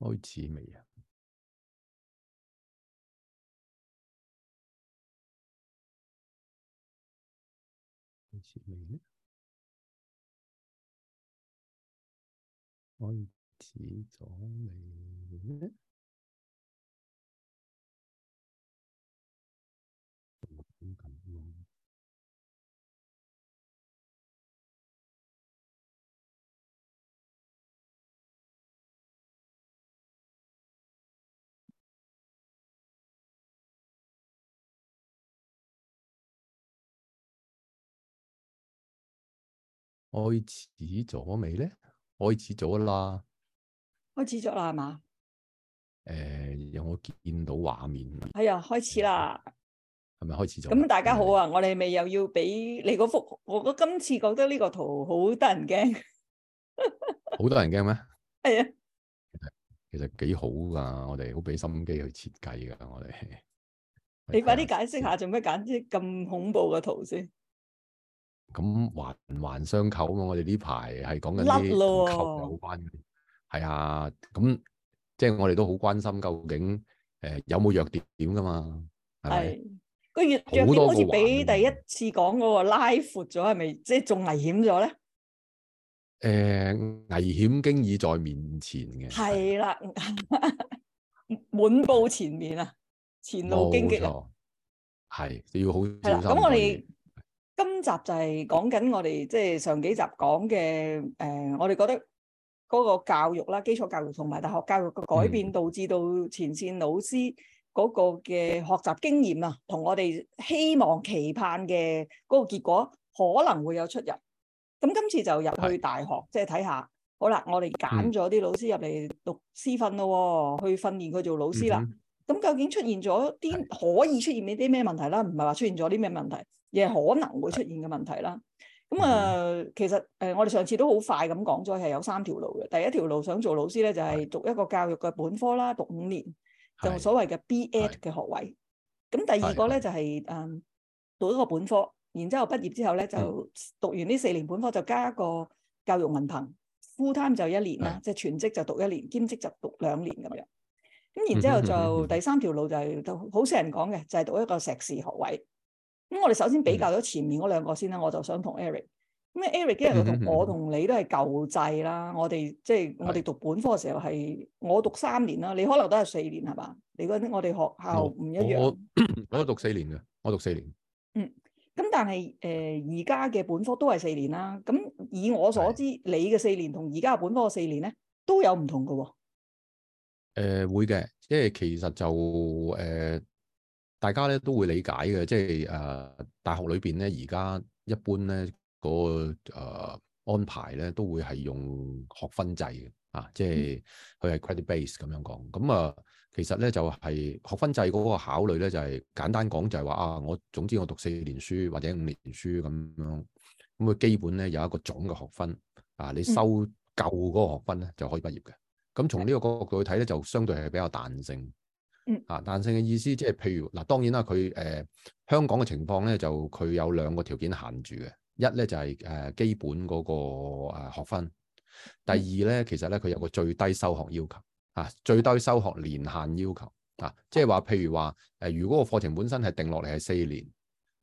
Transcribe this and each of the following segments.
開始未啊？開始未呢？開始咗未咧？開始咗未咧？開始咗啦！開始咗啦，係嘛？誒，有冇見到畫面？哎呀，開始啦！係咪開始咗？咁大家好啊！我哋咪又要俾你嗰幅？我今次覺得呢個圖好得人驚，好 多人驚咩？係 啊，其實幾好噶，我哋好俾心機去設計噶，我哋。你快啲解釋下，做咩揀啲咁恐怖嘅圖先？咁環環相扣，嘛扣啊！我哋呢排係講緊啲互扣有關嘅，係啊。咁即係我哋都好關心究竟誒、呃、有冇弱點點噶嘛？係個弱點好似比第一次講嗰個拉闊咗，係咪即係仲危險咗咧？誒、呃，危險經已在面前嘅，係啦，滿 布前面啊，前路荊棘、啊哦、啦，係要好小心咁我哋。今集就係講緊我哋即係上幾集講嘅誒，我哋覺得嗰個教育啦，基礎教育同埋大學教育嘅改變，嗯、導致到前線老師嗰個嘅學習經驗啊，同我哋希望期盼嘅嗰個結果，可能會有出入。咁今次就入去大學，即係睇下，好啦，我哋揀咗啲老師入嚟讀師訓咯，去訓練佢做老師啦。咁究竟出現咗啲可以出現呢啲咩問題啦？唔係話出現咗啲咩問題？亦係可能會出現嘅問題啦。咁啊、呃，其實誒、呃，我哋上次都好快咁講咗，係有三條路嘅。第一條路想做老師咧，就係、是、讀一個教育嘅本科啦，讀五年就所謂嘅 B. Ed 嘅學位。咁第二個咧就係、是、誒、嗯、讀一個本科，然之後畢業之後咧就讀完呢四年本科就加一個教育文憑、嗯，full time 就一年啦，即係、就是、全職就讀一年，兼職就讀兩年咁樣。咁然之後就第三條路就係好少人講嘅，就係、就是、讀一個碩士學位。咁我哋首先比較咗前面嗰兩個先啦，嗯，我就想同 Eric。咁 Eric 今日同我同你都係舊制啦，嗯嗯，我哋即係我哋讀本科嘅時候係我讀三年啦，你可能都係四年係嘛？你覺得我哋學校唔一樣。我我，我都讀四年嘅，我讀四年。嗯，咁但係誒而家嘅本科都係四年啦。咁以我所知，你嘅四年同而家本科嘅四年咧都有唔同嘅喎，啊。誒、呃、會嘅，即係其實就誒。呃大家咧都會理解嘅，即係誒大學裏邊咧，而家一般咧、嗰個誒、呃、安排咧，都會係用學分制嘅，啊，即係佢係 credit base 咁樣講。咁啊，其實咧就係、是、學分制嗰個考慮咧，就係、是、簡單講就係話啊，我總之我讀四年書或者五年書咁樣，咁佢基本咧有一個總嘅學分啊，你收夠嗰個學分咧就可以畢業嘅。咁從呢個角度去睇咧，就相對係比較彈性。嗯，啊彈性嘅意思即係譬如嗱，當然啦，佢誒、呃、香港嘅情況咧就佢有兩個條件限住嘅，一咧就係、是、誒基本嗰個誒學分，第二咧其實咧佢有個最低修學要求啊，最低修學年限要求啊，即係話譬如話誒如果個課程本身係定落嚟係四年說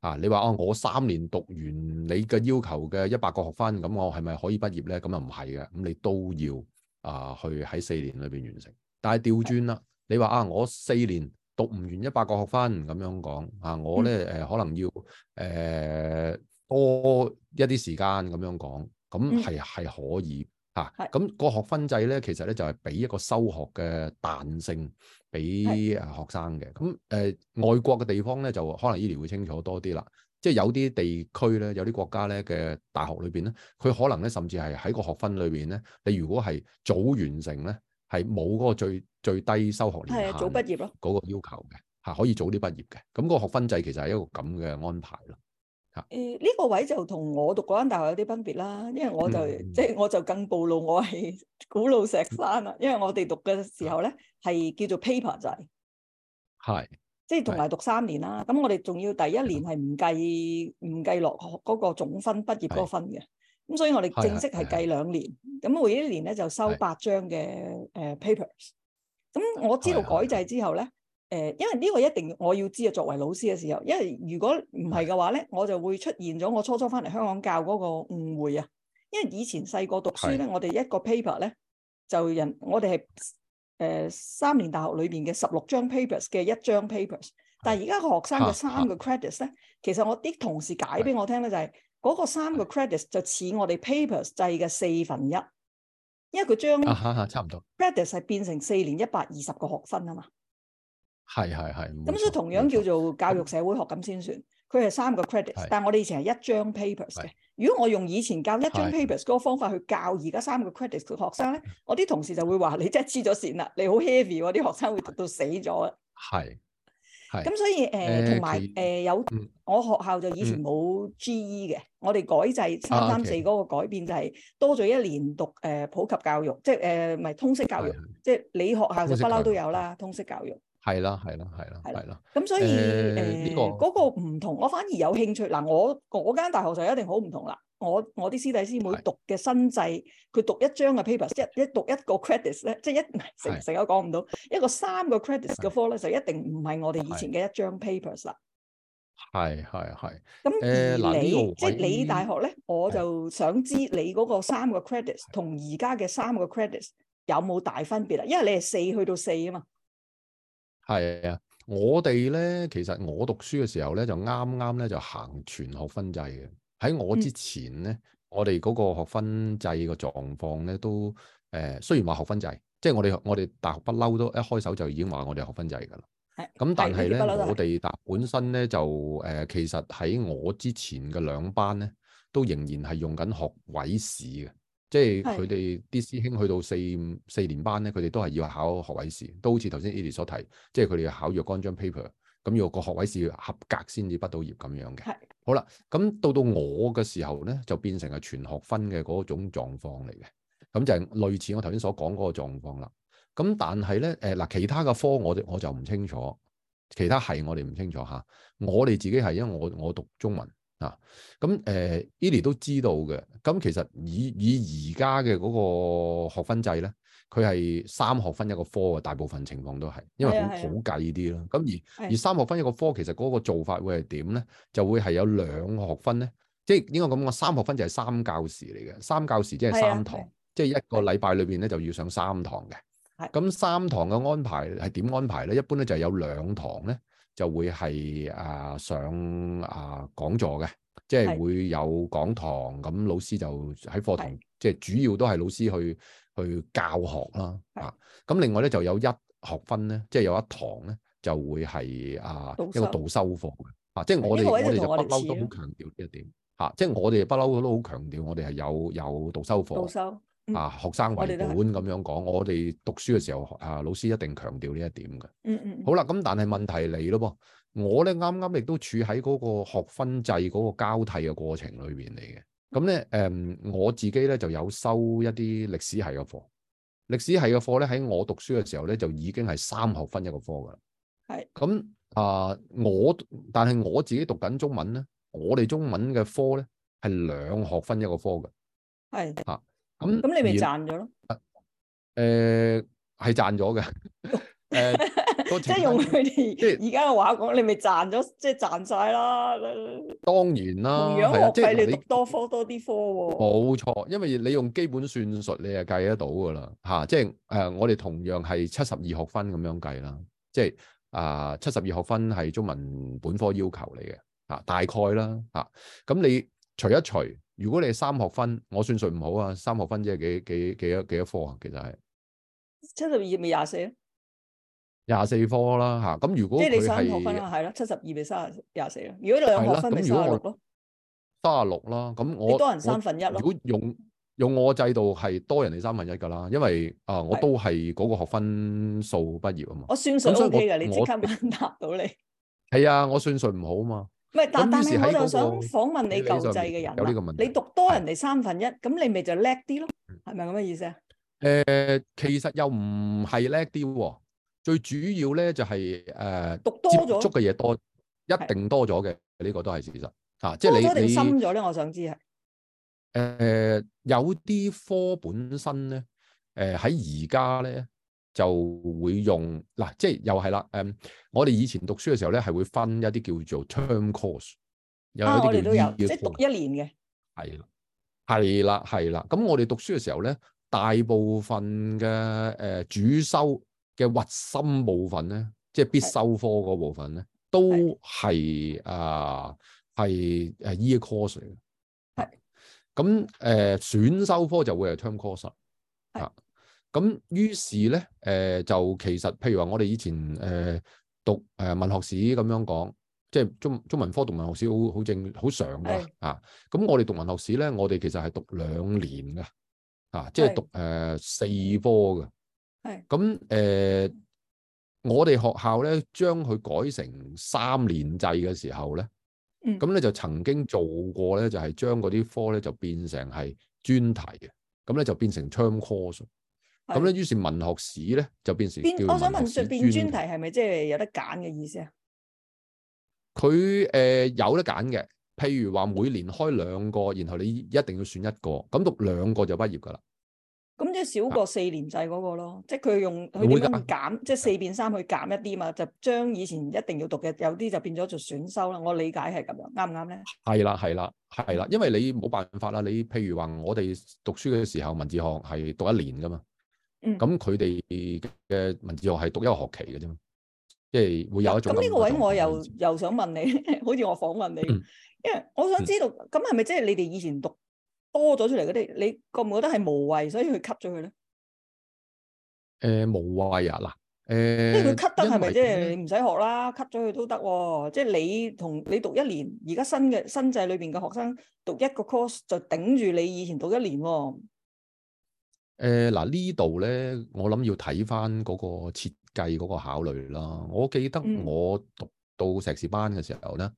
啊，你話啊我三年讀完你嘅要求嘅一百個學分，咁我係咪可以畢業咧？咁啊唔係嘅，咁你都要啊去喺四年裏邊完成，但係調轉啦。你話啊，我四年讀唔完一百個學分咁樣講啊，我咧誒、呃、可能要誒、呃、多一啲時間咁樣講，咁係係可以嚇。咁、啊那個學分制咧，其實咧就係、是、俾一個修學嘅彈性俾學生嘅。咁誒、呃，外國嘅地方咧，就可能依啲會清楚多啲啦。即係有啲地區咧，有啲國家咧嘅大學裏邊咧，佢可能咧甚至係喺個學分裏邊咧，你如果係早完成咧。係冇嗰個最最低修學年限，係呀，早畢業囉，嗰個要求嘅嚇，可以早啲畢業嘅。咁、嗰個學分制其實係一個咁嘅安排咯嚇。誒呢、呃呢個位就同我讀嗰間大學有啲分別啦，因為我就即係、嗯就是、我就更暴露我係古老石山啦、嗯。因為我哋讀嘅時候咧係、嗯、叫做 paper 制，係即係同埋讀三年啦。咁我哋仲要第一年係唔計唔、嗯、計落嗰個總分畢業嗰個分嘅。是咁所以，我哋正式係計兩年，咁每一年咧就收八張嘅誒 papers。咁我知道改制之後咧，誒、呃，因為呢個一定要我要知啊。作為老師嘅時候，因為如果唔係嘅話咧，我就會出現咗我初初翻嚟香港教嗰個誤會啊。因為以前細個讀書咧，是是我哋一個 paper 咧就人，我哋係誒三年大學裏邊嘅十六張 papers 嘅一張 papers。但係而家個學生嘅三個 credits 咧，是是其實我啲同事解俾我聽咧就係、是。嗰、那個三個 credit 就似我哋 papers 制嘅四分一，因為佢將啊，差唔多，credit 係變成四年一百二十個學分啊嘛。係係係，咁所以同樣叫做教育社會學咁先算。佢係三個 credit，但係我哋以前係一張 papers 嘅。如果我用以前教一張 papers 嗰個方法去教而家三個 credit 嘅學生咧，我啲同事就會話你真係黐咗線啦，你好 heavy 喎，啲學生會讀到死咗。係。咁所以誒同埋誒有、呃、有我學校就以前冇 G.E. 嘅，嗯，我哋改制三三四個改變就係多咗一年讀誒、呃、普及教育，即係誒唔係通識教育，即係你學校就不嬲都有啦，通識教育。係啦，係啦，係啦，係啦，咁所以誒，呃呢個嗰個唔同、呃，我反而有興趣。嗱、呃，我我間大學就一定好唔同啦。我啲師弟師妹讀嘅新制，佢讀一張嘅 papers，一一讀一個 credits 咧，即係一成成都講唔到一個三個 credits 嘅科咧，就一定唔係我哋以前嘅一張 papers 啦。係係係。咁而你即係、呃即係、你大學咧，我就想知你嗰個三個 credits 同而家嘅三個 credits 有冇大分別啊？因為你係四去到四啊嘛。係啊，我哋咧，其實我讀書嘅時候咧就啱啱咧就行全學分制嘅。喺我之前咧、嗯，我哋嗰個學分制嘅狀況咧都誒、呃，雖然話學分制，即係我哋我哋大學不嬲都一開手就已經話我哋學分制噶啦。係咁，但係咧我哋但本身咧就誒、呃，其實喺我之前嘅兩班咧都仍然係用緊學位制嘅。即係佢哋啲師兄去到四四年班咧，佢哋都係要考學位試，都好似頭先 Eddy 所提，即係佢哋要考若干張 paper，咁要個學位試合格先至畢到業咁樣嘅。係，好啦，咁到到我嘅時候咧，就變成係全學分嘅嗰種狀況嚟嘅，咁就係類似我頭先所講嗰個狀況啦。咁但係咧，誒嗱，其他嘅科我我就唔清楚，其他係我哋唔清楚嚇，我哋自己係因為我我讀中文。啊，咁誒 Eli 都知道嘅。咁其實以以而家嘅嗰個學分制咧，佢係三學分一個科嘅，大部分情況都係，因為好好計啲咯。咁而而三學分一個科，其實嗰個做法會係點咧？就會係有兩學分咧，即係應該咁講，三學分就係三教時嚟嘅，三教時即係三堂，即係一個禮拜裏邊咧就要上三堂嘅。咁三堂嘅安排係點安排咧？一般咧就係有兩堂咧。就會係啊上啊講座嘅，即係會有講堂，咁老師就喺課堂，即係主要都係老師去去教學啦。啊，咁另外咧就有一學分咧，即係有一堂咧就會係啊一個導修課嘅。啊，即係我哋我哋就不嬲都好強調呢一點。嚇，即係我哋不嬲都好強調我，我哋係有有導修課。讀修啊！學生為本咁樣講，我哋讀書嘅時候，啊老師一定強調呢一點嘅。嗯嗯。好啦，咁但係問題嚟咯，我咧啱啱亦都處喺嗰個學分制嗰個交替嘅過程裏邊嚟嘅。咁咧，誒、嗯，我自己咧就有收一啲歷史系嘅課，歷史系嘅課咧喺我讀書嘅時候咧就已經係三學分一個科噶。係。咁啊，我但係我自己讀緊中文咧，我哋中文嘅科咧係兩學分一個科嘅。係。吓、啊。咁咁你咪賺咗咯？係、呃、賺咗嘅，誒即係用佢哋即係而家嘅話講、就是，你咪賺咗，即、就、係、是、賺晒啦。當然啦，同樣學費你讀多科多啲科喎。冇錯，因為你用基本算術，你就計得到㗎啦，即、啊、係、就是、我哋同樣係七十二學分咁樣計啦，即、就、係、是、啊七十二學分係中文本科要求嚟嘅、啊，大概啦，嚇、啊、咁你。除一除，如果你係三學分，我算數唔好啊！三學分即係幾幾幾多幾多科啊？其實係七十二咪廿四咯，廿四科啦吓。咁、啊、如果即係你三學分啦、啊，係啦，七十二咪三廿四咯。如果兩學分咪卅六咯，卅六啦。咁我你多人三分一咯。如果用用我制度係多人你三分一噶啦，因為啊、呃，我都係嗰個學分數畢業啊嘛。我算數 O K 嘅，你即刻答到你係啊，我算數唔好啊嘛。唔係，但但係我就想訪問你舊制嘅人啦。你讀多人哋三分一，咁你咪就叻啲咯？係咪咁嘅意思啊？誒、呃，其實又唔係叻啲喎。最主要咧就係、是呃、讀多咗，接觸嘅嘢多，一定多咗嘅。呢、這個都係事實嚇。即係你你深咗咧，我想知係。誒、呃，有啲科本身咧，誒喺而家咧。在就會用嗱、啊，即係又係啦。嗯，我哋以前讀書嘅時候咧，係會分一啲叫做 term course，又、啊、有啲叫 year course、啊、即係讀一年嘅。係啦，係啦，係啦。咁我哋讀書嘅時候咧，大部分嘅誒、呃、主修嘅核心部分咧，即係必修科嗰部分咧，都係啊，係誒 year course 嘅。係。咁誒、呃、選修科就會係 term course 啦。咁於是咧，誒、呃、就其實，譬如話，我哋以前誒、呃、讀誒文學史咁樣講，即係中中文科讀文學史好好正好常㗎嚇。咁、啊、我哋讀文學史咧，我哋其實係讀兩年㗎嚇，即、啊、係、就是、讀誒、呃、四科㗎。係咁誒，我哋學校咧將佢改成三年制嘅時候咧，咁咧就曾經做過咧，就係、是、將嗰啲科咧就變成係專題嘅，咁咧就變成 term course。咁咧，於是文學史咧就變成邊？我想問，變專題係咪即係有得揀嘅意思啊？佢誒有得揀嘅，譬如話每年開兩個，然後你一定要選一個咁讀兩個就畢業噶啦。咁即係少過四年制嗰個咯，即係佢用佢會咁減即係四變三去減一啲嘛，就將以前一定要讀嘅有啲就變咗做選修啦。我理解係咁樣，啱唔啱咧？係啦，係啦，係啦，因為你冇辦法啦。你譬如話我哋讀書嘅時候，文字學係讀一年噶嘛。咁佢哋嘅文字學係讀一個學期嘅啫嘛，即係會有一種咁、嗯、呢個位我又、就是、又想問你，好似我訪問你、嗯，因為我想知道咁係咪即係你哋以前讀多咗出嚟嗰啲，你覺唔覺得係無謂，所以佢 cut 咗佢咧？誒、呃，無謂啊嗱，誒、呃，即係佢 cut 得係咪即係你唔使學啦？cut 咗佢都得喎、啊，即、就、係、是、你同你讀一年，而家新嘅新制裏邊嘅學生讀一個 course 就頂住你以前讀一年喎、啊。誒、呃，嗱呢度咧，我諗要睇翻嗰個設計嗰個考慮啦。我記得我讀到碩士班嘅時候咧，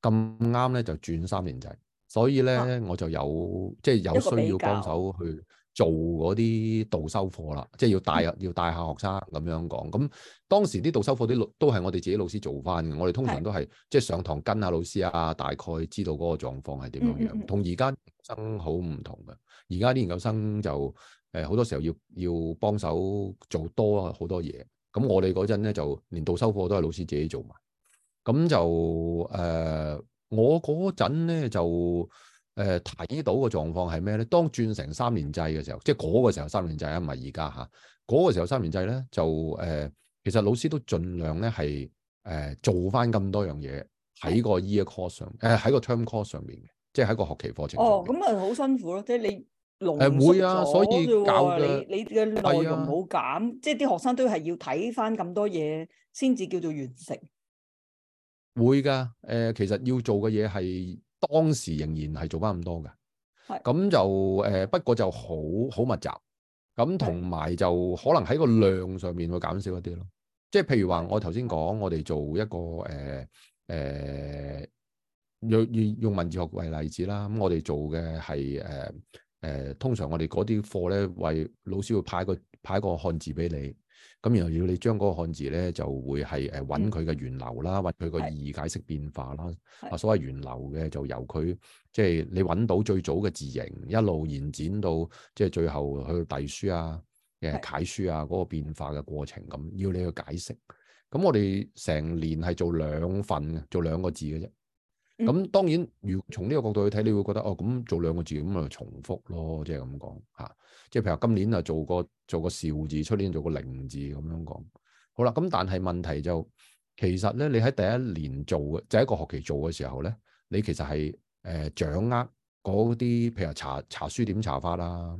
咁啱咧就轉三年制，所以咧、嗯、我就有即係、就是、有需要幫手去做嗰啲導修課啦，即係、就是、要帶、嗯、要帶下學生咁樣講。咁當時啲導修課啲都係我哋自己老師做翻，我哋通常都係即係上堂跟下老師啊，大概知道嗰個狀況係點樣樣。嗯嗯嗯，同而家研究生好唔同嘅，而家啲研究生就。誒，好多時候要要幫手做多好多嘢，咁我哋嗰陣咧就連導修課都係老師自己做埋，咁就誒、呃、我嗰陣咧就誒睇、呃、到個狀況係咩咧？當轉成三年制嘅時候，即係嗰個時候三年制啊，唔係而家吓，嗰個時候三年制咧就誒、呃，其實老師都盡量咧係誒做翻咁多樣嘢喺個 year course 上，誒、呃、喺個 term course 上面嘅，即係喺個學期課程。哦，咁啊好辛苦咯，即、就、係、是、你。濃縮咗，會啊，所以搞，你你嘅內容好減、啊，即係啲學生都係要睇翻咁多嘢，先至叫做完成會。會噶，誒，其實要做嘅嘢係當時仍然係做翻咁多噶，咁就誒、呃，不過就好好密集，咁同埋就可能喺個量上面會減少一啲咯。即係譬如話，我頭先講，我哋做一個誒誒用用用文字學為例子啦，咁、嗯、我哋做嘅係誒。呃誒通常我哋嗰啲課咧，為老師會派個派個漢字俾你，咁然後要你將嗰個漢字咧，就會係誒揾佢嘅源流啦，揾佢個意義解釋變化啦。啊，所謂源流嘅就由佢即係你揾到最早嘅字形，一路延展到即係、就是、最後去隸書啊，誒楷書啊嗰、那個變化嘅過程咁，要你去解釋。咁我哋成年係做兩份嘅，做兩個字嘅啫。咁當然，如從呢個角度去睇，你會覺得哦，咁做兩個字咁咪重複咯，即係咁講嚇即係譬如今年啊，做個做個兆字出年做個零字咁樣講。好啦，咁但係問題就其實咧，你喺第一年做嘅，第、就係、一個學期做嘅時候咧，你其實係誒、呃、掌握嗰啲譬如查查書點查法啦，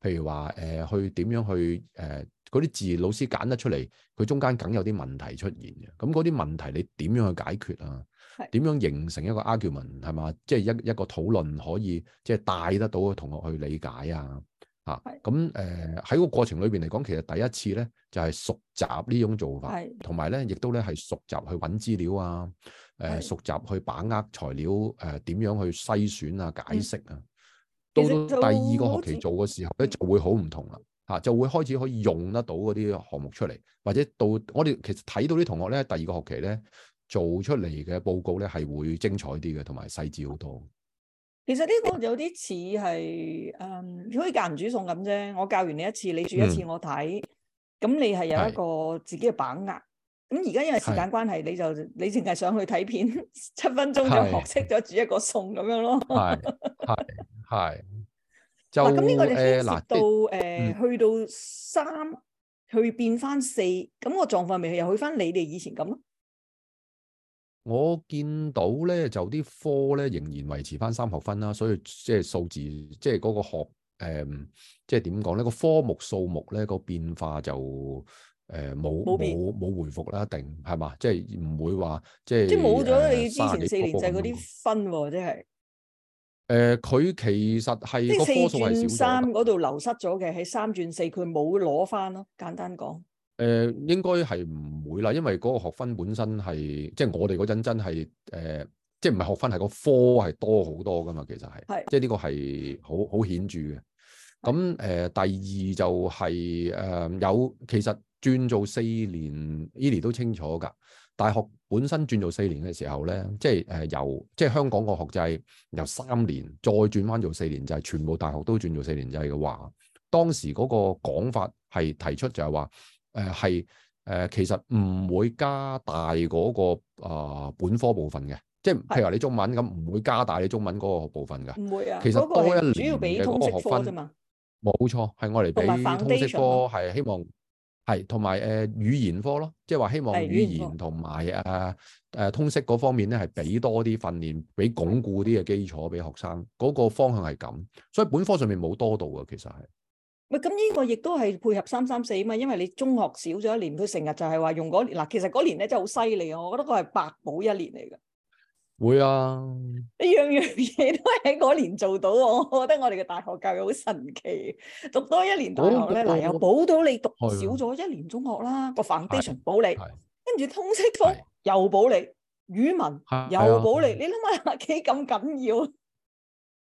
譬如話、呃、去點樣去誒嗰啲字老師揀得出嚟，佢中間梗有啲問題出現嘅。咁嗰啲問題你點樣去解決啊？點樣形成一個 argument 係嘛？即係一一個討論可以即係帶得到嘅同學去理解啊！啊，咁誒喺個過程裏邊嚟講，其實第一次咧就係、是、熟習呢種做法，同埋咧亦都咧係熟習去揾資料啊，誒、呃、熟習去把握材料誒點、呃、樣去篩選啊、解釋啊、嗯。到第二個學期做嘅時候咧就會好唔同啦，吓、啊、就會開始可以用得到嗰啲項目出嚟，或者到我哋其實睇到啲同學咧第二個學期咧。做出嚟嘅報告咧，係會精彩啲嘅，同埋細緻好多。其實呢個有啲似係誒，可以教人煮餸咁啫。我教完你一次，你煮一次我，我、嗯、睇。咁你係有一個自己嘅把握。咁而家因為時間關係，你就你淨係上去睇片七分鐘，就學識咗煮一個餸咁樣咯。係係。嗱，今年我哋推到誒、嗯、去到三，去變翻四，咁、那個狀況咪又去翻你哋以前咁咯。我見到咧，就啲科咧仍然維持翻三學分啦，所以即係數字，即係嗰個學誒、呃，即係點講咧？個科目數目咧、嗰個變化就誒冇冇冇回復啦，一定係嘛？即係唔會話即係即係冇咗你之前四年制嗰啲分，即係誒，佢、就是啊呃、其實係即係四轉三嗰度流失咗嘅，喺三轉四佢冇攞翻咯，簡單講。誒、呃、應該係唔會啦，因為嗰個學分本身係即係我哋嗰陣真係誒，即係唔係學分係個科係多好多㗎嘛，其實係，即係呢個係好好顯著嘅。咁誒、呃，第二就係、是、誒、呃、有其實轉做四年，Eli 都清楚㗎。大學本身轉做四年嘅時候咧，即係誒由即係香港個學制由三年再轉翻轉返做四年，就係、是、全部大學都轉做四年制嘅話，當時嗰個講法係提出就係話。誒、呃，係誒、呃，其實唔會加大嗰、那個、呃、本科部分嘅，即係譬如話你中文咁，唔會加大你中文嗰個部分嘅。唔會啊，其實多一年嘅嗰個學分、那個、主要俾通識科，啫嘛。冇錯，係我嚟俾通識科，係希望係同埋誒語言科咯，即係話希望語言同埋誒通識嗰方面咧，係俾多啲訓練，俾鞏固啲嘅基礎俾學生。嗰、那個方向係咁，所以本科上面冇多到啊，其實係。咪咁呢個亦都係配合三三四啊嘛，因為你中學少咗一年，佢成日就係話用嗰年嗱，其實嗰年咧真係好犀利啊！我覺得佢係百補一年嚟㗎，會啊，一樣樣嘢都喺嗰年做到，我覺得我哋嘅大學教育好神奇，讀多一年大學咧，嗱、哦哦、又補到你讀少咗一年中學啦，個 foundation 補你，跟住通識科又補你，語文又補你，你諗下幾咁緊要，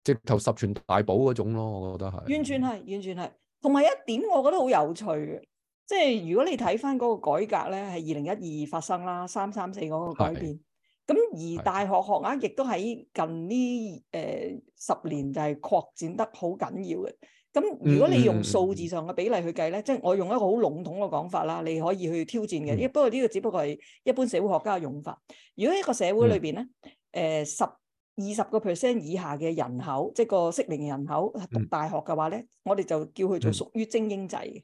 直頭十全大補嗰種咯，我覺得係，完全係，完全係。同埋一點，我覺得好有趣嘅，即係如果你睇翻嗰個改革咧，係二零一二發生啦，三三四嗰個改變，咁而大學學額亦都喺近呢誒十年就係擴展得好緊要嘅。咁如果你用數字上嘅比例去計咧，即、嗯、係、就是、我用一個好籠統嘅講法啦，你可以去挑戰嘅、嗯。不過呢個只不過係一般社會學家嘅用法。如果一個社會裏邊咧，誒、嗯、十。呃二十個 percent 以下嘅人口，即係個適齡人口讀大學嘅話咧，我哋就叫佢做屬於精英制嘅。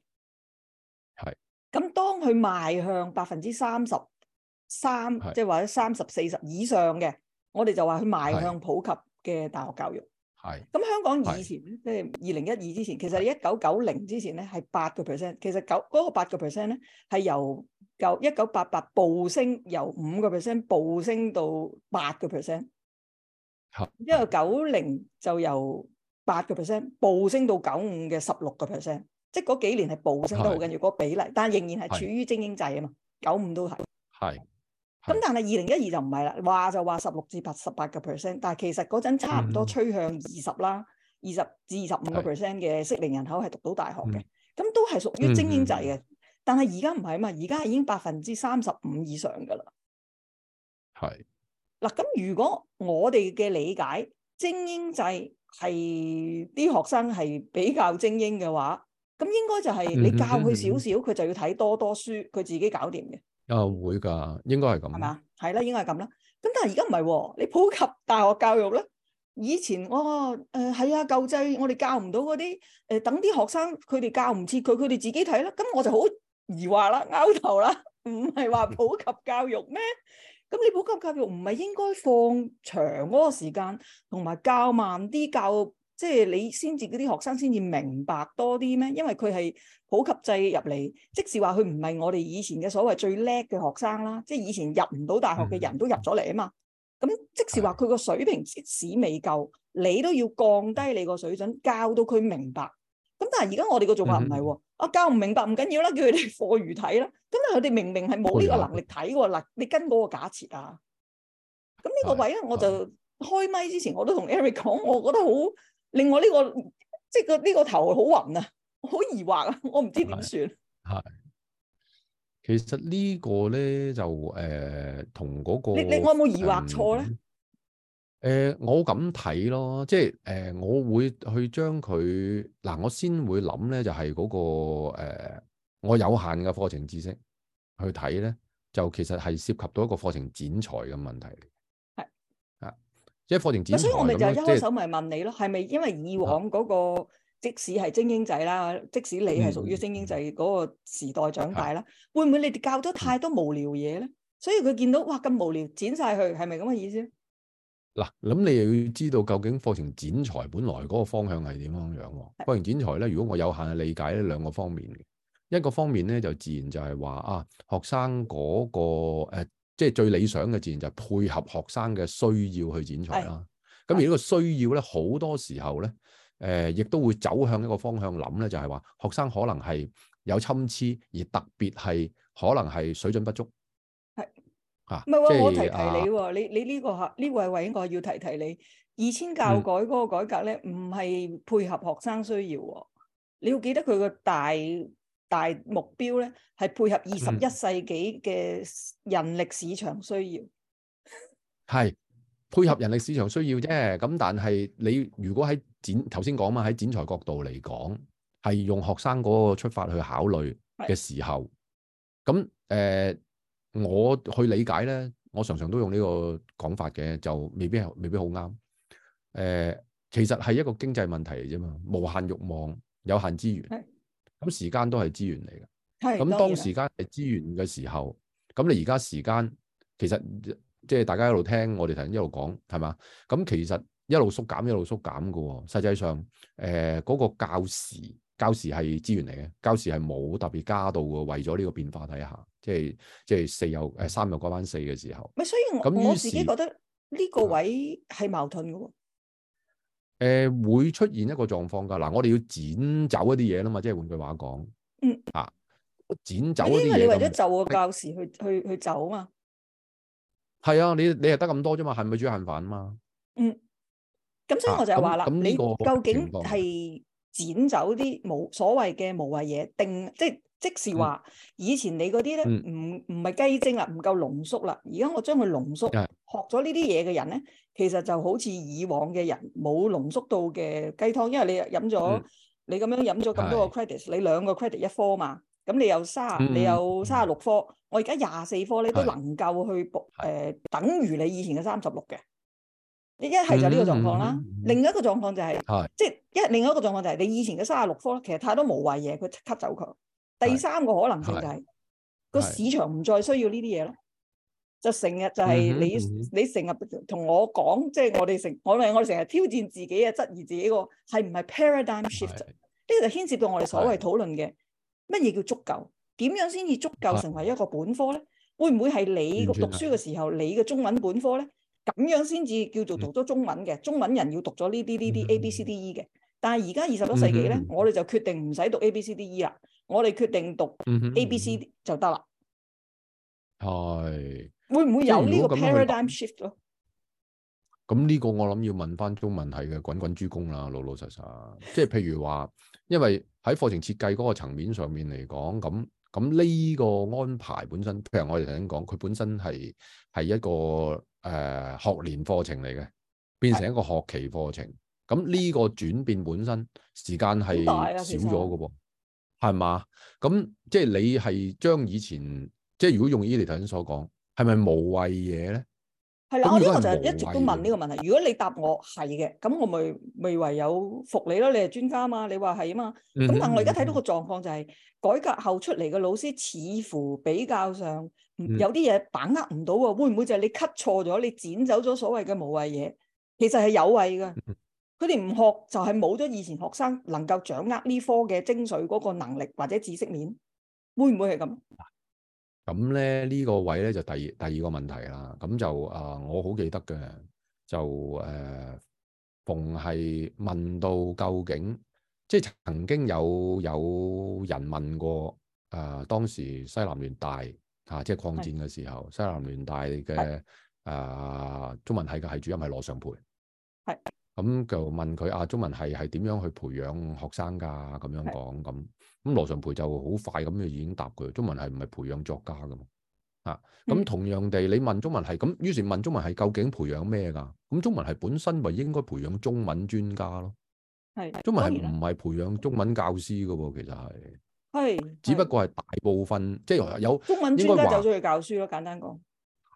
係咁，當佢邁向百分之三十三，即係或者三十四十以上嘅，我哋就話佢邁向普及嘅大學教育。係咁，香港以前咧，即係二零一二之前，其實一九九零之前咧係八個 percent。其實九嗰個八個 percent 咧係由九一九八八暴升，由五個 percent 暴升到八個 percent。因為九零就由八個 percent 暴升到九五嘅十六個 percent，即係嗰幾年係暴升得好緊要嗰個比例，但係仍然係處於精英制啊嘛，九五都係。係，咁但係二零一二就唔係啦，話就話十六至八十八個 percent，但係其實嗰陣差唔多趨向二十啦，二十至二十五個 percent 嘅適齡人口係讀到大學嘅，咁都係屬於精英制嘅，嗯，但係而家唔係啊嘛，而家已經百分之三十五以上噶啦。係。嗱，咁如果我哋嘅理解精英制係啲學生係比較精英嘅話，咁應該就係你教佢少少，佢就要睇多多書，佢自己搞掂嘅。啊，會㗎，應該係咁。係嘛？係啦，應該係咁啦。咁但係而家唔係喎，你普及大學教育咧，以前哇，誒係啊，舊制我哋教唔到嗰啲誒，等啲學生佢哋教唔切佢，佢哋自己睇啦。咁我就好疑惑啦，拗頭啦，唔係話普及教育咩？咁你普及教育唔係應該放長嗰個時間，同埋教慢啲教，即係你先至嗰啲學生先至明白多啲咩？因為佢係普及制入嚟，即使話佢唔係我哋以前嘅所謂最叻嘅學生啦，即係以前入唔到大學嘅人都入咗嚟啊嘛。咁即使話佢個水平即使未夠，你都要降低你個水準，教到佢明白。咁但係而家我哋個做法唔係喎。嗯我教唔明白唔緊要啦，叫佢哋課餘睇啦。咁啊，佢哋明明係冇呢個能力睇喎。嗱、嗯，你跟嗰個假設啊。咁呢個位咧、嗯，我就開麥之前我都同 Eric 講，我覺得好，令我呢、呢個即係個呢個頭好暈啊，好疑惑啊，我唔知點算。係，其實個呢、呃呢個咧就誒，同嗰個你、嗯、你我有冇疑惑錯咧？誒、呃，我咁睇咯，即係誒、呃，我會去將佢嗱，我先會諗咧，就係、是、嗰、那個誒、呃，我有限嘅課程知識去睇咧，就其實係涉及到一個課程剪裁嘅問題。係啊，即係課程剪裁。所以我咪就係一開手咪問你咯，係、就、咪、是、因為以往嗰個即使係精英仔啦，即使你係屬於精英仔嗰個時代長大啦，會唔會你哋教咗太多無聊嘢咧？所以佢見到哇咁無聊，剪晒去，係咪咁嘅意思？嗱，咁你又要知道究竟課程剪裁本來嗰個方向係點樣樣？課程剪裁咧，如果我有限嘅理解呢兩個方面嘅。一個方面咧，就自然就係話啊，學生嗰個誒，即係最理想嘅自然就係配合學生嘅需要去剪裁啦。咁而呢個需要咧，好多時候咧，誒，亦都會走向一個方向諗咧，就係話學生可能係有參差，而特別係可能係水準不足。唔、啊、係、就是，我提提你喎、啊，你你呢、這個吓呢、這個、位委委，我要提提你。二千教改嗰個改革咧，唔係配合學生需要喎、嗯。你要記得佢個大大目標咧，係配合二十一世紀嘅人力市場需要、嗯。係 配合人力市場需要啫。咁但係你如果喺剪頭先講嘛，喺剪裁角度嚟講，係用學生嗰個出發去考慮嘅時候，咁誒。我去理解咧，我常常都用呢個講法嘅，就未必係未必好啱、呃。其實係一個經濟問題嚟啫嘛，無限欲望，有限資源。咁時間都係資源嚟嘅。咁當時間係資源嘅時候，咁你而家時間其實即係、就是、大家一路聽我哋頭先一路講，係嘛？咁其實一路縮減，一路縮減㗎喎、哦。實際上，嗰、呃那個教時。教時係資源嚟嘅，教時係冇特別加到嘅，為咗呢個變化睇下，即係即係四又誒三又嗰班四嘅時候。咪所以我，我自己覺得呢個位係矛盾嘅喎。誒、呃，會出現一個狀況㗎。嗱，我哋要剪走一啲嘢啦嘛，即係換句話講。嗯。啊，剪走、嗯。因為你為咗就個教時去、哎、去去走啊嘛。係啊，你你係得咁多啫嘛，係咪主要限反啊嘛？嗯。咁所以我就話啦、啊，你究竟係？剪走啲冇所謂嘅無謂嘢，定即係即係話，以前你嗰啲咧，唔唔係雞精啦，唔夠濃縮啦。而家我將佢濃縮，的學咗呢啲嘢嘅人咧，其實就好似以往嘅人冇濃縮到嘅雞湯，因為你飲咗、嗯，你咁樣飲咗咁多個 credit，的你兩個 credit 一科嘛，咁你有卅、嗯，你有卅六科，嗯、我而家廿四科你都能夠去博、呃、等於你以前嘅三十六嘅。一一係就呢個狀況啦、嗯嗯嗯嗯嗯嗯，另一個狀況就係、是，即係、就是、一另一個狀況就係、是、你以前嘅三十六科其實太多無謂嘢，佢即刻走佢。第三個可能性就係、是這個市場唔再需要呢啲嘢咧，就成日就係你、嗯嗯、你成日同我講，即、就、係、是、我哋成我我成日挑戰自己啊，質疑自己個係唔係 paradigm shift？呢、這個就牽涉到我哋所謂討論嘅乜嘢叫足夠，點樣先至足夠成為一個本科咧？會唔會係你讀書嘅時候，你嘅中文本科咧？咁樣先至叫做讀咗中文嘅、嗯、中文人要讀咗呢啲呢啲 A B C D E 嘅。但係而家二十多世紀咧、嗯，我哋就決定唔使讀 A B C D E 啦，我哋決定讀 A、嗯、A B C D 就得啦。係會唔會有呢個 paradigm shift 咯？咁呢個我諗要問翻中文系嘅滾滾諸公啦，老老實實即係譬如話，因為喺課程設計嗰個層面上面嚟講，咁咁呢個安排本身，譬如我哋頭先講，佢本身係係一個。誒、呃，學年課程嚟嘅，變成一個學期課程，咁呢個轉變本身時間係少咗嘅，係嘛、啊？咁即係你係將以前，即係如果用 Eli 頭先所講，係咪無謂嘢咧？係、嗯、啦，我、這、呢個就係一直都問呢個問題。如果，是的如果你答我係嘅，咁我咪咪唯有服你咯。你係專家嘛。你話係啊嘛。咁、嗯、但我而家睇到個狀況就係、是嗯、改革後出嚟嘅老師，似乎比較上有啲嘢把握唔到喎。會唔會就係你 cut 錯咗，你剪走咗所謂嘅無謂嘢？其實係有謂㗎。佢哋唔學就係冇咗以前學生能夠掌握呢科嘅精髓嗰個能力或者知識面。會唔會係咁？咁咧呢個位咧，就第二第二個問題啦。咁就啊、呃，我好記得嘅，就誒、呃、逢係問到究竟，即、就、係、是、曾經有有人問過啊、呃，當時西南聯大啊，即係抗戰嘅時候，西南聯大嘅啊、呃、中文系嘅系主任係羅常培。咁就問佢啊，中文系係點樣去培養學生㗎、啊？咁樣講咁，咁羅常培就好快咁就已經答佢：中文系唔係培養作家㗎嘛？啊、嗯，咁同樣地，你問中文系咁，於是問中文系究竟培養咩㗎？咁中文系本身咪應該培養中文專家咯，係中文系唔係培養中文教師嘅喎？其實係係，只不過係大部分即係有中文專家走出去教書咯，簡單講。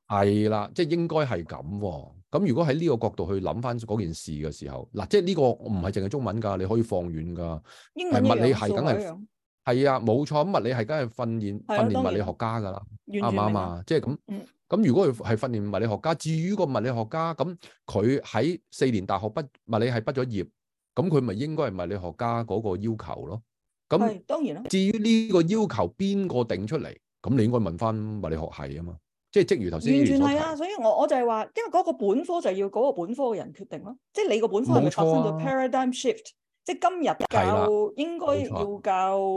係啦，即係應該係咁。咁如果喺呢個角度去諗翻嗰件事嘅時候，嗱，即係呢個唔係淨係中文噶，你可以放遠噶，係物理系梗係係啊，冇錯。咁物理系梗係訓練訓練物理學家噶啦，啱唔啱啊？即係咁，咁、就是嗯、如果佢係訓練物理學家，至於個物理學家咁，佢喺四年大學畢業，物理系畢咗業，咁佢咪應該係物理學家嗰個要求咯？咁當然啦。至於呢個要求邊個定出嚟？咁你應該問翻物理學系啊嘛。即係，即如頭先完全係啊！所以我我就係話，因為嗰個本科就要嗰個本科嘅人決定咯。即係你個本科係咪發生咗 paradigm shift？即係今日教應該要教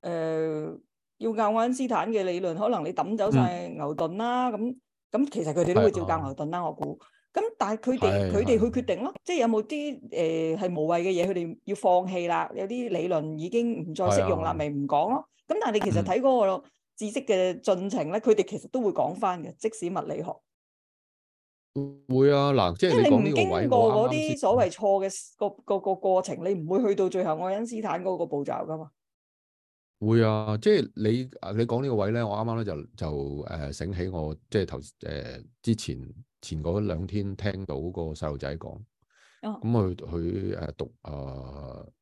誒，要教愛因斯坦嘅理論。可能你抌走晒牛頓啦，咁咁其實佢哋都會照教牛頓啦。我估。咁但係佢哋佢哋去決定咯。即係有冇啲誒係無謂嘅嘢，佢哋要放棄啦。有啲理論已經唔再適用啦，咪唔講咯。咁但係你其實睇嗰個。知識嘅進程咧，佢哋其實都會講返嘅，即使物理學會啊，嗱，即係你唔經過嗰啲所謂錯嘅個個個過程，剛剛你唔會去到最後愛因斯坦嗰個步驟噶嘛。會啊，即係你啊，你講呢個位咧，我啱啱咧就就誒醒、呃、起我，即係頭誒之前前嗰兩天聽到個細路仔講，咁佢佢誒讀誒、呃，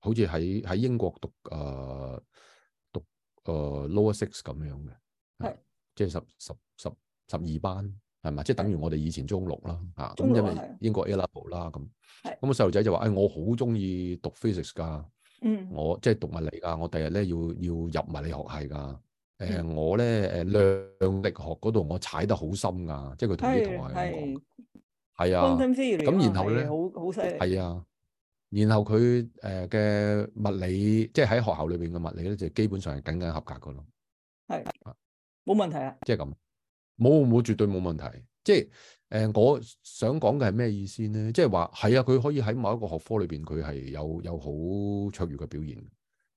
好似喺喺英國讀誒。呃 lower six 咁樣嘅，係即係十十十十二班，係咪？即係等於我哋以前中六啦嚇。咁因為英國 A level 啦咁。咁個細路仔就話：誒、哎，我好中意讀 physics 噶，嗯，我即係讀物理㗎，我第日咧要要入物理學系㗎。誒、嗯、哎，我咧誒，量力學嗰度我踩得好深㗎，即係佢同你講係啊。係啊，咁然後咧，好好細係啊。然後佢誒嘅物理，即係喺學校裏邊嘅物理咧，就基本上係僅僅合格噶咯，係冇問題啊，即係咁，冇冇絕對冇問題。即係誒，我想講嘅係咩意思咧？即係話係啊，佢可以喺某一個學科裏邊，佢係有有好卓越嘅表現。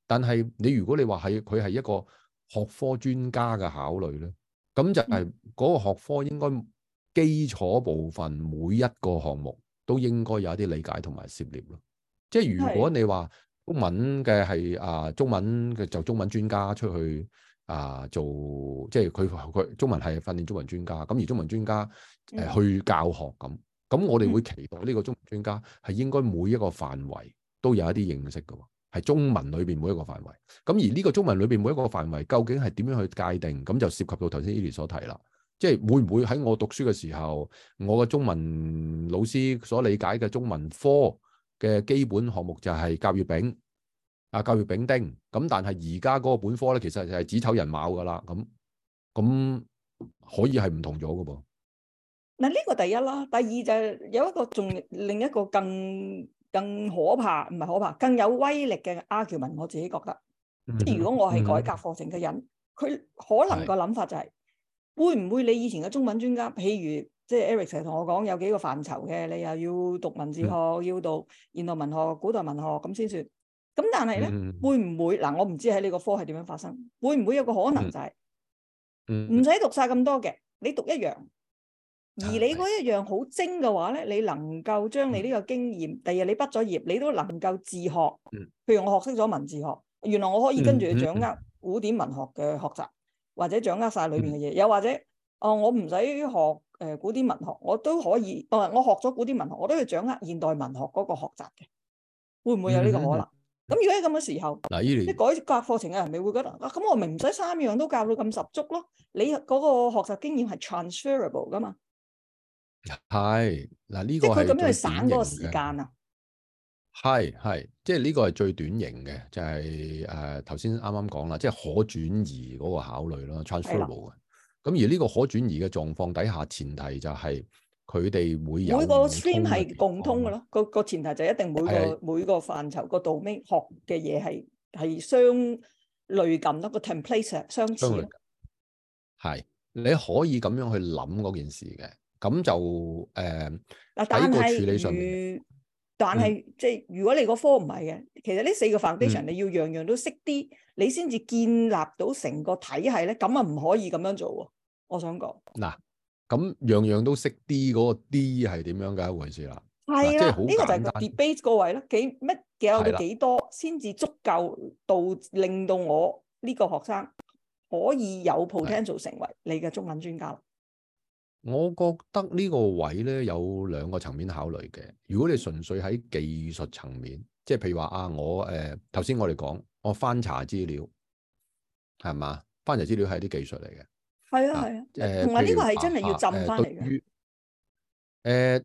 但係你如果你話係佢係一個學科專家嘅考慮咧，咁就係嗰個學科應該基礎部分每一個項目都應該有一啲理解同埋涉獵咯。即係如果你話中文嘅係啊，中文嘅就中文專家出去啊做，即係佢佢中文係訓練中文專家，咁而中文專家、呃、去教學咁，咁我哋會期待呢個中文專家係應該每一個範圍都有一啲認識嘅，係中文裏面每一個範圍。咁而呢個中文裏面每一個範圍究竟係點樣去界定？咁就涉及到頭先 Eli 所提啦，即係會唔會喺我讀書嘅時候，我嘅中文老師所理解嘅中文科嘅基本項目就係甲乙丙啊，甲乙丙丁咁，但係而家嗰個本科咧，其實就係子丑寅卯㗎喇，咁咁可以係唔同咗㗎喎。嗱，呢個第一啦，第二就係有一個仲另一個更更可怕，唔係可怕，更有威力嘅 argument，我自己覺得， 即係如果我係改革課程嘅人，佢 可能個諗法就係、是、會唔會你以前嘅中文專家，譬如。即係 Eric 成日同我講，有幾個範疇嘅，你又要讀文字學，要讀現代文學、古代文學咁先算。咁但係咧，會唔會嗱？我唔知喺呢個科系點樣發生？會唔會有個可能就係嗯，唔使讀晒咁多嘅？你讀一樣，而你嗰一樣好精嘅話咧，你能夠將你呢個經驗，第日你畢咗業，你都能夠自學。譬如我學識咗文字學，原來我可以跟住去掌握古典文學嘅學習，或者掌握晒裏面嘅嘢，又或者。哦，我唔使學誒古典文學，我都可以。唔、哦、我學咗古典文學，我都要掌握現代文學嗰個學習嘅。會唔會有呢個可能？咁、嗯嗯、如果喺咁嘅時候，嗱、嗯，依年啲改革課程嘅人你會覺得啊，咁我咪唔使三樣都教到咁十足咯。你嗰個學習經驗係 transferable 㗎嘛？係，嗱、啊、呢、呢個佢咁樣去省嗰個時間啊。係係，即係呢個係最短型嘅，就係誒頭先啱啱講啦，即、呃、係、就係、可轉移嗰個考慮咯，transferable 嘅。咁而呢個可轉移嘅狀況底下，前提就係佢哋每每個 stream 係共通嘅咯。個個前提就一定每個每個範疇個 domain 學嘅嘢係係相類近咯，個 template 相似。係你可以咁樣去諗嗰件事嘅，咁就第一、呃、個處理上面。但係即係如果你個科唔係嘅，其實呢四個 foundation 你要樣樣都識啲，你先至建立到成個體系咧，咁啊唔可以咁樣做喎。我想講嗱，咁樣樣都識啲嗰個啲係點樣嘅一回事啦，係啦、啊，呢、就係這個就係 debate 個位咯，幾乜教到幾多先至足夠到令到我呢個學生可以有 potential 成為你嘅中文專家我覺得呢個位咧，有兩個層面考慮嘅。如果你純粹喺技術層面，即係譬如話啊，我誒頭先我哋講，我翻查資料係嘛？翻查資料係啲技術嚟嘅，係啊係啊，同埋呢個係真係要浸翻嚟嘅。誒、啊、嗱、呃呃，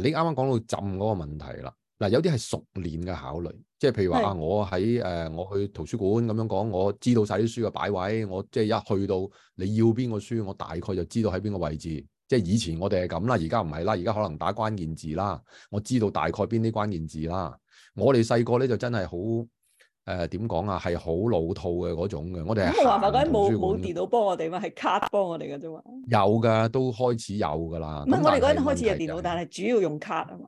你啱啱講到浸嗰個問題啦。嗱，有啲係熟練嘅考慮，即係譬如話啊，我喺誒、呃、我去圖書館咁樣講，我知道晒啲書嘅擺位，我即係一去到你要邊個書，我大概就知道喺邊個位置。即係以前我哋係咁啦，而家唔係啦，而家可能打關鍵字啦，我知道大概邊啲關鍵字啦。我哋細個咧就真係好誒點講啊，係、呃、好老套嘅嗰種嘅。我哋咁冇辦法，嗰陣冇冇電腦幫我哋嘛，係卡幫我哋嘅啫嘛。有㗎，都開始有㗎啦。唔係我哋嗰陣開始有電腦，但係主要用卡啊嘛。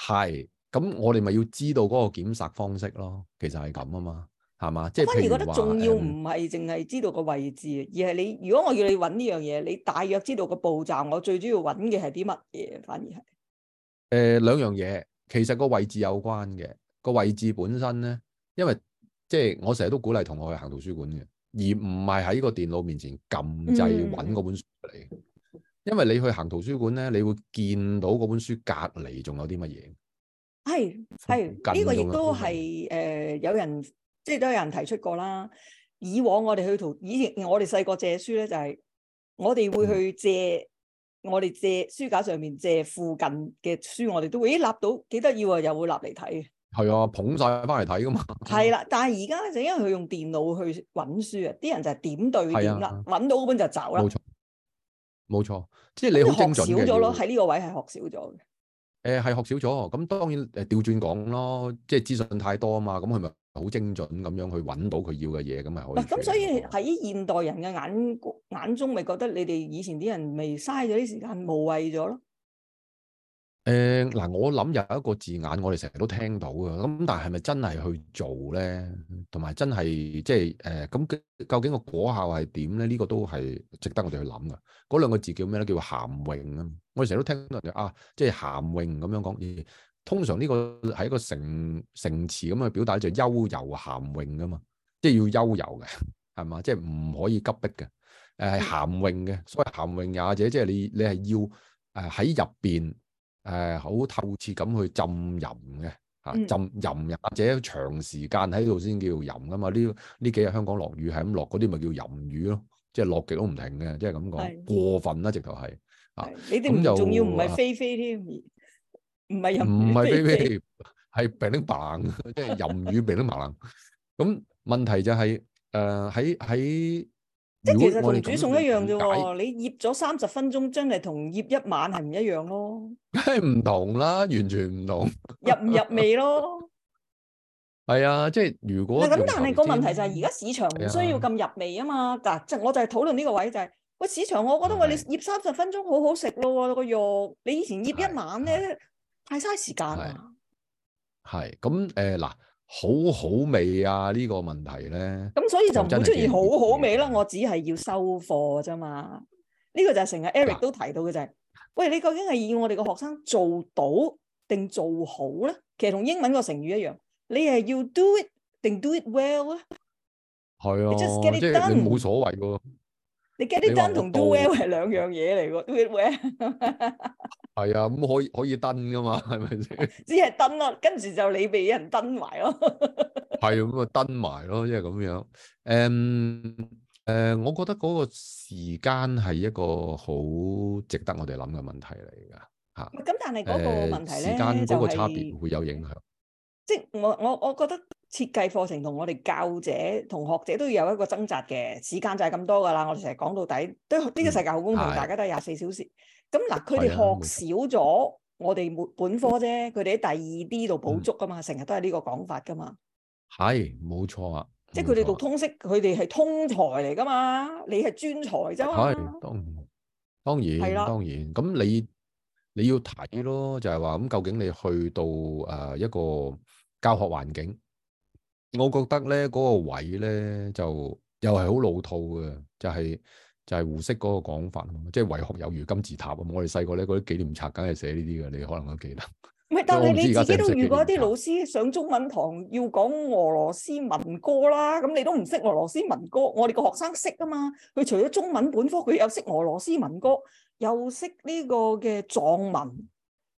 係，咁我哋咪要知道嗰個檢索方式咯，其實係咁啊嘛。係嘛？即、就、係、是、反而覺得重要唔係淨係知道個位置，嗯、而係你如果我要你搵呢樣嘢，你大約知道個步驟。我最主要搵嘅係啲乜嘢？反而係誒兩樣嘢，其實個位置有關嘅。個位置本身咧，因為即係我成日都鼓勵同學去行圖書館嘅，而唔係喺個電腦面前撳掣搵嗰本書嚟、嗯。因為你去行圖書館咧，你會見到嗰本書隔籬仲有啲乜嘢？係係呢個亦都係誒、呃、有人。即係都有人提出過啦。以往我哋去圖，以前我哋細個借書咧，就係、是、我哋會去借、嗯、我哋借書架上面借附近嘅書，我哋都會咦立到幾得意喎，又會立嚟睇。係啊，捧晒翻嚟睇㗎嘛。係啦、啊，但係而家咧就因為佢用電腦去揾書啊，啲人就係點對點啦，揾、啊、到本就走啦。冇錯，冇錯，即、就、係、是、你好正學少咗咯。喺呢個位係學少咗嘅。誒、呃、係學少咗，咁當然誒調轉講咯，即係資訊太多啊嘛，咁佢咪。好精準咁樣去揾到佢要嘅嘢，咁咪可以。嗱，咁所以喺現代人嘅眼眼中，咪覺得你哋以前啲人咪嘥咗啲時間無謂咗咯。誒嗱，我諗有一個字眼，我哋成日都聽到嘅，咁但係係咪真係去做咧？同埋真係即係誒咁，究竟個果效係點咧？呢個都係值得我哋去諗嘅。嗰兩個字叫咩咧？叫做涵泳啊！我哋成日都聽到人哋啊，即係涵泳咁樣講。通常呢個係一個成成詞咁去表達，就悠遊涵泳噶嘛，即係要悠遊嘅，係嘛？即係唔可以急迫嘅，誒、呃、涵泳嘅，所謂涵泳也者即係你你係要誒喺入邊誒好透徹咁去浸淫嘅，啊浸淫也者長時間喺度先叫淫噶嘛？呢呢幾日香港落雨係咁落，嗰啲咪叫淫雨咯？即係落極都唔停嘅，即係咁講過分啦，直頭係啊！啊你哋唔仲要唔係飛飛添？唔係唔係，肥肥係肥得麻冷，即係、呃呃、 淫魚肥得麻冷。咁、呃、 問題就係誒喺喺，即係其實同煮餸一樣啫。你醃咗三十分鐘，真係同醃一晚係唔一樣咯。梗係唔同啦，完全唔同。入唔入味咯？係 啊，即、就、係、是、如果咁，但係個問題就係而家市場唔需要咁入味啊嘛。嗱、啊，即係我就係討論呢個位就係、是、喂市場，我覺得喂你醃三十分鐘好好食咯。個肉你以前醃一晚咧。太嘥時間啦，係咁誒嗱，好，呃，好味啊呢個問題咧，咁所以就唔會出現好好味啦。我只係要收貨啫嘛。呢個就係成日 Eric 都提到嘅就係，喂，你究竟係要我哋個學生做到定做好咧？其實同英文個成語一樣，你係要 do it 定 do it well 啊？」係啊，You just get it done，你即係冇所謂嘅你 get 啲登同 do well 係兩樣嘢嚟喎，do well 係啊，咁、 嗯、可以可以登噶嘛，係咪先？只係登咯，跟住就你俾人登埋咯。係 咁啊，登埋咯，即係咁樣。誒、嗯、誒、呃，我覺得嗰個時間係一個好值得我哋諗嘅問題嚟㗎嚇。咁但係嗰個問題咧、呃，時間嗰個差別會有影響。即、就、係、是、我我我覺得。設計課程同我哋教者同學者都要有一個掙扎嘅，時間就係咁多噶啦。我哋成日講到底，都呢、這個世界好公平，大家都係廿四小時。咁嗱，佢哋學少咗，我哋本科啫。佢哋喺第二啲度補足噶嘛，成、嗯、日都係呢個講法噶嘛。係冇錯啊，即係佢哋讀通識，佢哋係通才嚟噶嘛，你係專才啫嘛、啊。係，當然，當然，係啦，當然。咁你你要睇咯，就係話咁究竟你去到誒、呃、一個教學環境。我覺得咧，嗰、那個位咧就又係好老套嘅，就係、是、就係、是、胡適嗰個講法，即、就、係、是、為學有如金字塔啊！我哋細個咧嗰啲紀念冊梗係寫呢啲嘅，你可能都記得。唔係，但係你，你自己都遇過啲老師上中文堂要講俄羅斯文歌啦，咁你都唔識俄羅斯文歌。我哋個學生識噶嘛？佢除咗中文本科，佢又識俄羅斯文歌，又識呢個嘅藏文，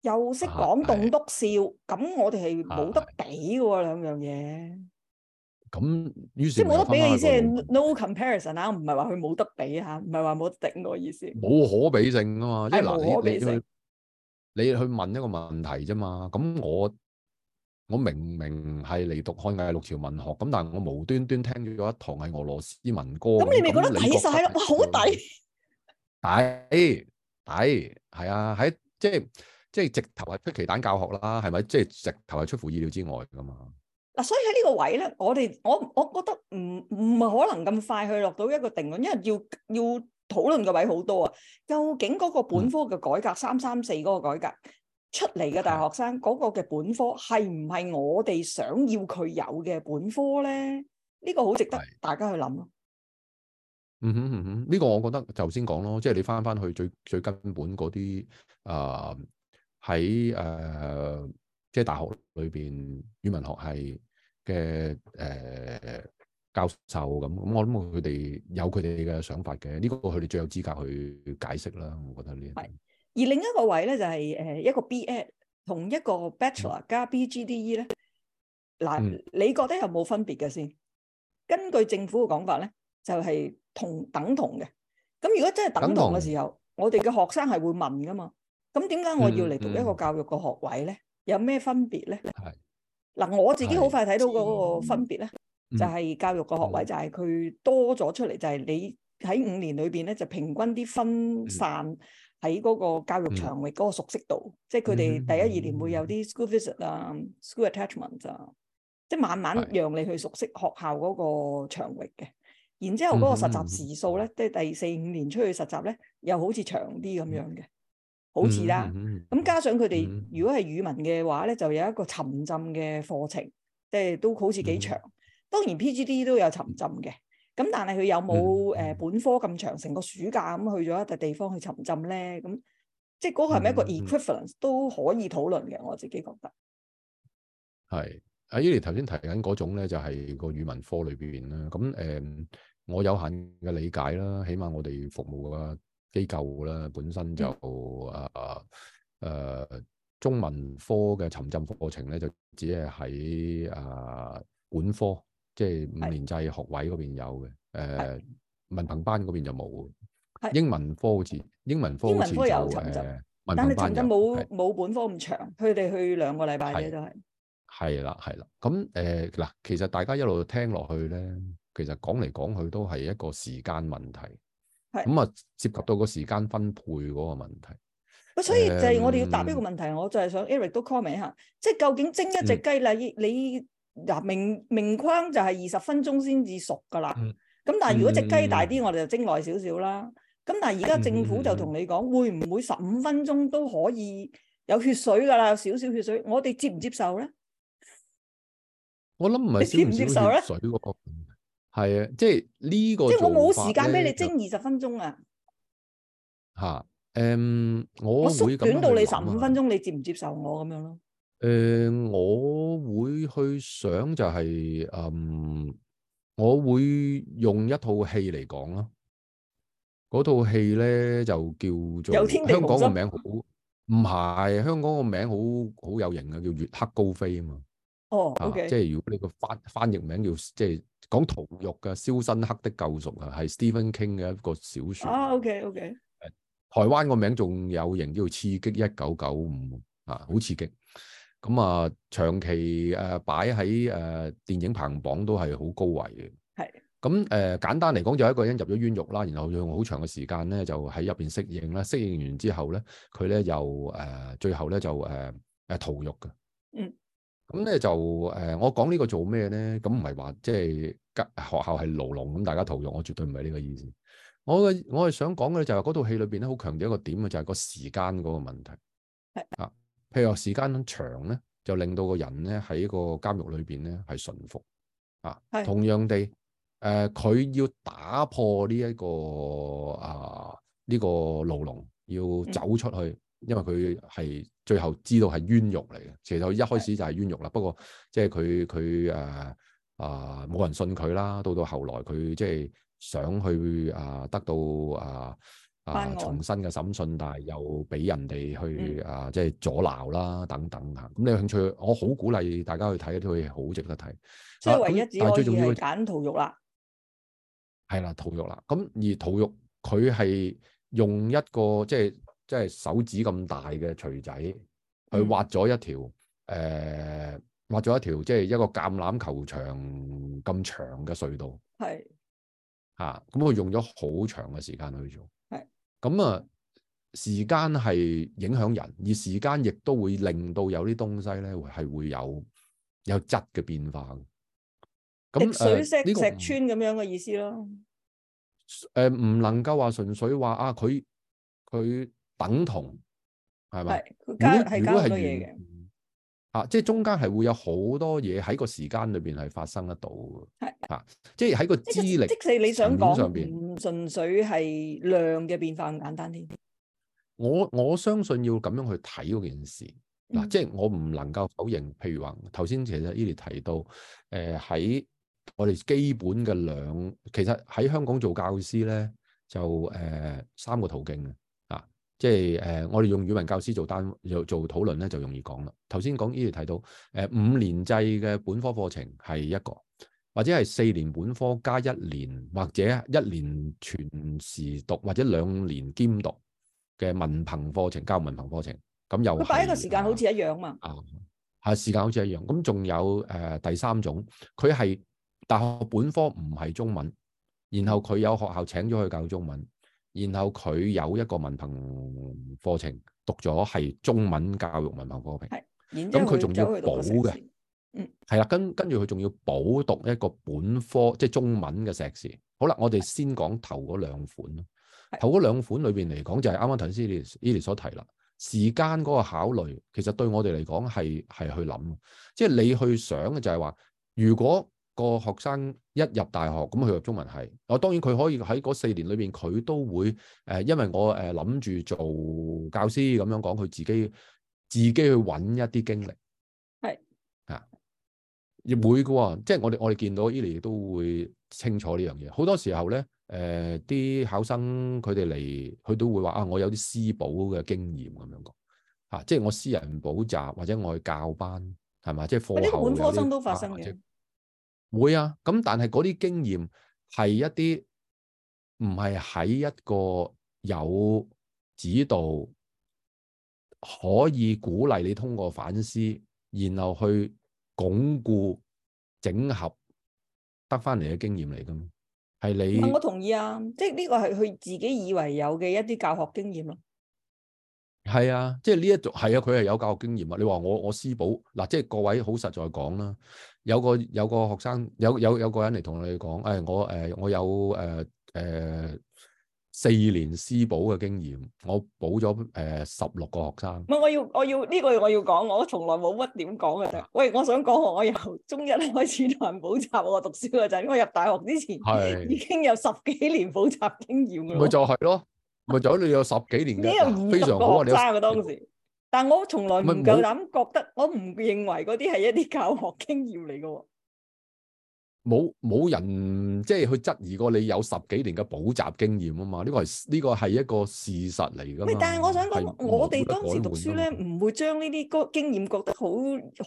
又識講棟篤笑。咁我哋係冇得比嘅喎，兩樣嘢。咁於是有即係冇、就係 no、得比嘅意思，no comparison 啊，唔係話佢冇得比吓，唔係話冇得頂個意思。冇可比性啊嘛，即係嗱，你你，你去你去問一個問題啫嘛。咁我我明明係嚟讀漢魏六朝文學，咁但係我無端端聽咗一堂係俄羅斯文歌。咁你咪覺得抵晒咯？好抵！抵抵係啊，喺即係即係直頭係出奇蛋教學啦，係咪？即係直頭係出乎意料之外㗎嘛。嗱，所以喺呢個位咧，我哋我我覺得唔唔係可能咁快去落到一個定論，因為要要討論嘅位好多啊。究竟嗰個本科嘅改革三三四嗰個改革出嚟嘅大學生嗰個嘅本科係唔係我哋想要佢有嘅本科咧？呢個好值得大家去諗咯。嗯哼嗯哼，呢個我覺得頭先講咯，即係你返返去最最根本嗰啲誒喺誒即係大學裏邊語文學係嘅誒教授咁，咁我諗佢哋有佢哋嘅想法嘅，呢個佢哋最有資格去解釋啦。我覺得呢個係而另一個位咧，就係誒一個 B. A. 同一個 Bachelor 加 B. G. D. E. 咧，嗱，你覺得有冇分別嘅先？根據政府嘅講法咧，就係同等同嘅。咁如果真係等同嘅時候，我哋嘅學生係會問噶嘛？咁點解我要嚟讀一個教育嘅學位咧？有咩分別咧？係。嗱，我自己好快睇到嗰個分別咧，就係教育個學位就係佢多咗出嚟，就係你喺五年裏邊咧，就平均啲分散喺嗰個教育場域嗰個熟悉度，嗯、即係佢哋第一、嗯、第一二年會有啲 school visit 啊、um、school attachment 啊、uh，即係慢慢讓你去熟悉學校嗰個場域嘅。然之後嗰個實習時數咧，即係第四五年出去實習咧，又好似長啲咁樣嘅。好似啦，咁、嗯嗯、加上佢哋如果係語文嘅話咧，就有一個沉浸嘅課程，即係都好似幾長、嗯。當然 P.G.D 都有沉浸嘅，咁、嗯、但係佢有冇誒本科咁長，成、嗯、個暑假咁去咗一笪地方去沉浸咧？咁即係嗰個係咪一個 equivalent 都可以討論嘅？我自己覺得係阿 Eli 頭先提緊嗰種咧，就係個語文科裏邊啦。咁誒、嗯，我有限嘅理解啦，起碼我哋服務啊。機構啦，本身就誒、嗯啊啊、中文科嘅沉浸課程咧，就只係喺、啊、本科，即、就、係、是、五年制學位嗰邊有嘅。誒、呃、文憑班嗰邊就冇。英文科好似英，英文科有沉浸、呃，但係沉浸冇冇本科咁長，佢哋去兩個禮拜嘅都係。係啦，係啦。咁誒嗱，其實大家一路聽落去咧，其實講嚟講去都係一個時間問題。係咁啊，涉及到個時間分配嗰個問題。咁所以就係我哋要答呢個問題，嗯、我就係想 Eric 都 call 明一下，即、就、係、是、究竟蒸一隻雞啦，你嗱明明框就係二十分鐘先至熟噶啦。咁、嗯、但係如果隻雞大啲、嗯，我哋就蒸耐少少啦。咁但係而家政府就同你講、嗯，會唔會十五分鐘都可以有血水噶啦？少少血水，我哋接唔接受咧？我諗唔係接唔少血水個係啊，即係呢個即係我冇時間俾你蒸二十分鐘啊！吓，誒，我縮短到你十五分鐘，你接唔接受我咁樣咯、啊？誒、嗯，我會去想就係、是，嗯，我會用一套戲嚟講咯。嗰套戲咧就叫做香港個名好，唔係香港個名好好有型嘅，叫《月黑高飛》啊嘛。哦，啊 okay. 即係如果你個翻翻譯名叫即係講逃獄嘅《肖申克的救贖》啊，係 Stephen King 嘅一個小說。啊，OK OK。台灣個名仲有型叫《刺激一九九五》啊，好刺激。咁啊，長期誒擺喺誒電影排行榜都係好高位嘅。係。咁誒、啊，簡單嚟講，就一個人入咗冤獄啦，然後用好長嘅時間咧，就喺入邊適應啦。適應完之後咧，佢咧又誒，最後咧就誒誒、啊啊、逃獄嘅。嗯。咁咧就、呃、我講呢個做咩咧？咁唔係話即係間學校係牢籠咁，大家逃獄，我絕對唔係呢個意思。我嘅我係想講嘅就係嗰套戲裏面咧，好強調一個點就係個時間嗰個問題。啊，譬如話時間長咧，就令到個人咧喺個監獄裏面咧係順服。啊，係同樣地佢、呃、要打破呢、呢、一個啊呢、呢個牢籠，要走出去。嗯。因為佢係最後知道係冤獄嚟嘅，其實佢一開始就係冤獄啦。不過即係佢佢誒啊冇人信佢啦。到到後來佢即係想去啊、呃、得到啊啊、呃、重新嘅審訊，但係又俾人哋去、嗯、啊即係、就是、阻撓啦等等吓。咁你有興趣，我好鼓勵大家去睇，一啲嘢，好值得睇。所以唯一以最重要係揀土肉啦，係啦土肉啦。咁而土肉佢係用一個即係。就是即係手指咁大嘅錘仔，去挖咗一條，誒、嗯呃，挖咗一條，即係一個橄欖球場咁長嘅隧道。咁佢、啊、用咗好長嘅時間去做。咁啊，時間係影響人，而時間亦都會令到有啲東西咧，係會有有質嘅變化。咁，滴水石石穿咁樣嘅意思咯。誒、呃，唔、這個呃、能夠話純粹話啊，佢佢。等同係咪？如果如果係完啊，即、就、係、是、中間係會有好多嘢喺個時間裏邊係發生得到係、啊就是、即係喺個資歷，即使你想講純粹係量嘅變化咁簡單，我我相信要咁樣去睇嗰件事嗱，即、嗯、係、啊就是、我唔能夠否認。譬如話頭先其實 Eli 提到誒，喺、呃、我哋基本嘅量，其實喺香港做教師咧就誒、呃、三個途徑。即係、誒、我哋用語文教師做單做討論咧，就容易講啦。頭先講呢度提到誒五年制嘅本科課程係一個，或者係四年本科加一年，或者一年全時讀，或者兩年兼讀嘅文憑課程教文憑課程，咁又佢擺一個時間好似一樣嘛，啊、嗯、時間好似一樣，咁仲有、呃、第三種，佢係大學本科唔係中文，然後佢有學校請咗去教中文。然後佢有一個文憑課程讀咗係中文教育文憑課程，咁佢仲要補嘅，嗯，係啦，跟跟住佢仲要補讀一個本科，即係中文嘅碩士。好啦，我哋先講頭嗰兩款咯，頭嗰兩款裏邊嚟講就係啱啱頭先 Lily 所提啦。時間嗰個考慮其實對我哋嚟講係係去諗，即係你去想嘅就係話，如果個學生一入大學，咁佢入中文系，我當然佢可以喺嗰四年裏邊，佢都會誒、呃，因為我誒諗住做教師咁樣講，佢自己自己去揾一啲經歷，係啊，會嘅喎、啊，即係我哋我哋見到 Eli 都會清楚呢樣嘢。好多時候咧，誒、呃、啲考生佢哋嚟，佢都會話啊，我有啲私補嘅經驗咁樣講嚇、啊，即係我私人補習或者我去教班係咪？即係課後嘅本科生都發生嘅。會啊，咁但係嗰啲經驗係一啲唔係喺一個有指導可以鼓勵你通過反思，然後去鞏固整合得翻嚟嘅經驗嚟噶，係你。我同意啊，即係呢個係佢自己以為有嘅一啲教學經驗咯。係啊，即係呢一種係啊，佢係有教學經驗啊。你話我我私補嗱，即係各位好實在講啦。有個有個學生有有有個人嚟同你講，誒、哎、我誒我有誒誒、呃呃、四年私補嘅經驗，我補咗誒十六個學生。唔係我要我要呢、這個我要講，我從來冇乜點講嘅啫。喂，我想講我由中一開始同人補習喎，我讀書嗰陣，我入大學之前已經有十幾年補習經驗。咪就係咯，咪就你有十幾年嘅 非常好嘅東西。但我從來唔夠膽覺得，我唔認為嗰啲係一啲教學經驗嚟噶。冇冇人即係、就是、去質疑過你有十幾年嘅補習經驗啊嘛？呢、這個係呢、這個係一個事實嚟噶嘛。但係我想講，我哋當時讀書咧，唔會將呢啲個經驗覺得好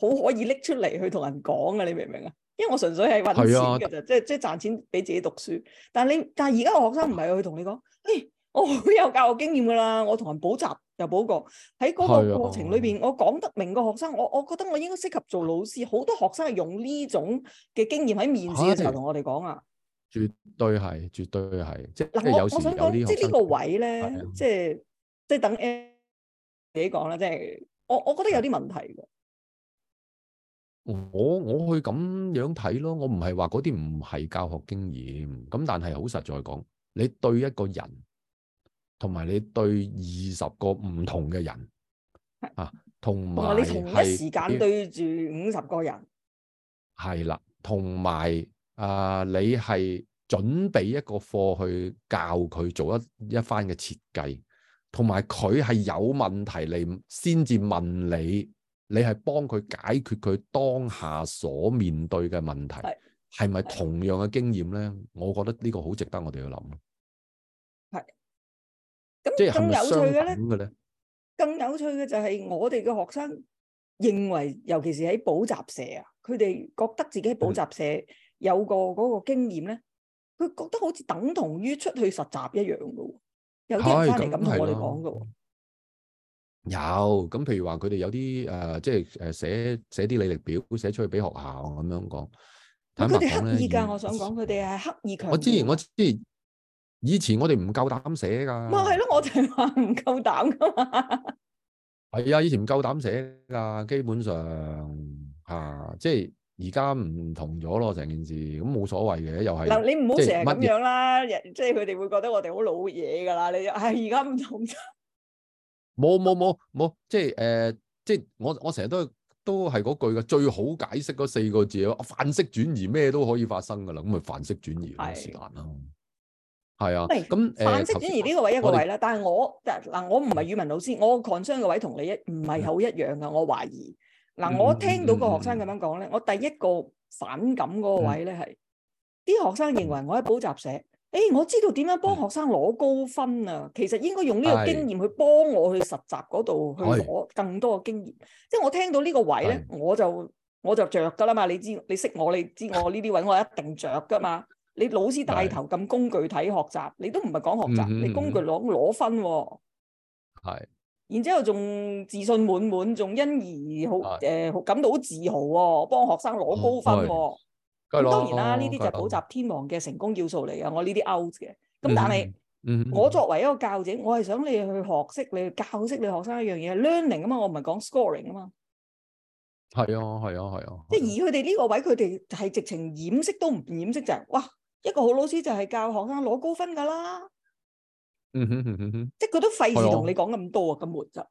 好可以拎出嚟去同人講噶，你明唔明啊？因為我純粹係揾錢噶啫，即係即係賺錢俾自己讀書。但你但係而家個學生唔係去同你講，誒、哎。我、哦、好有教學經驗噶啦，我同人補習又補過，喺嗰個過程裏邊，我講得明個學生，我我覺得我應該適合做老師。好多學生係用呢種嘅經驗喺面試嘅時候同我哋講啊，絕對係，絕對係，即係。嗱，我我想講即係呢個位咧，即係即係等 A 自己講啦，即、就、係、是、我我覺得有啲問題。我我去咁樣睇咯，我唔係話嗰啲唔係教學經驗咁，但係好實在講，你對一個人。同埋你對二十個唔同嘅人啊，同埋你同一時間對住五十個人，係啦，同埋啊，你係準備一個課去教佢做一一番嘅設計，同埋佢係有問題嚟，先至問你，你係幫佢解決佢當下所面對嘅問題，係咪同樣嘅經驗咧？我覺得呢個好值得我哋去諗。咁即係更有趣嘅咧，更有趣嘅就係我哋嘅學生認為，尤其是喺補習社啊，佢哋覺得自己喺補習社有個嗰個經驗咧，佢覺得好似等同於出去實習一樣噶，有啲人翻嚟咁同我哋講噶。有咁譬如話佢哋有啲誒，即係誒寫寫啲履歷表，寫出去俾學校咁樣講。佢哋刻意噶，我想講佢哋係刻意強。我之前，我之前。以前我哋唔夠膽寫噶，咪係咯，我哋話唔夠膽噶嘛，係啊，以前唔夠膽寫噶，基本上、啊、即係而家唔同咗咯，成件事咁冇所謂嘅，又係嗱，你唔好成日咁樣啦，即係佢哋會覺得我哋好老嘢噶啦，你話而家唔同咗，冇冇冇冇，即係誒、呃，即係我我成日都都係嗰句嘅，最好解釋嗰四個字啊，範式轉移咩都可以發生噶啦，咁咪範式轉移時間咯。係啊，咁、哎、範式轉移呢個位一個位啦，但係我嗱我唔係語文老師，我 concern 嘅位同你一唔係好一樣噶，我懷疑嗱我聽到個學生咁樣講咧，我第一個反感嗰個位咧係，啲學生認為我喺補習社，誒、哎、我知道點樣幫學生攞高分啊，其實應該用呢個經驗去幫我去實習嗰度去攞更多嘅經驗，即係我聽到呢個位咧，我就我就着噶啦嘛，你知你識我，你知我呢啲位我一定着噶嘛。你老師帶頭咁工具體學習，你都唔係講學習、嗯，你工具攞攞分喎、哦，係。然之後仲自信滿滿，仲因而好誒、呃、感到好自豪喎、哦，幫學生攞高分喎、哦哦嗯。當然啦，呢、哦、啲就係補習天王嘅成功要素嚟嘅、嗯，我呢啲 out 嘅。咁、嗯、但係、嗯、我作為一個教者，我係想你去學識，你去教識你學生一樣嘢 learning 啊嘛，我唔係講 scoring 啊嘛。係啊，係啊，係啊，即係、啊、而佢哋呢個位，佢哋係直情掩飾都唔掩飾就係、是、哇～一個好老師就係教學生攞高分噶啦。嗯哼嗯哼哼，即係佢都費事同你講咁多啊，咁悶啫。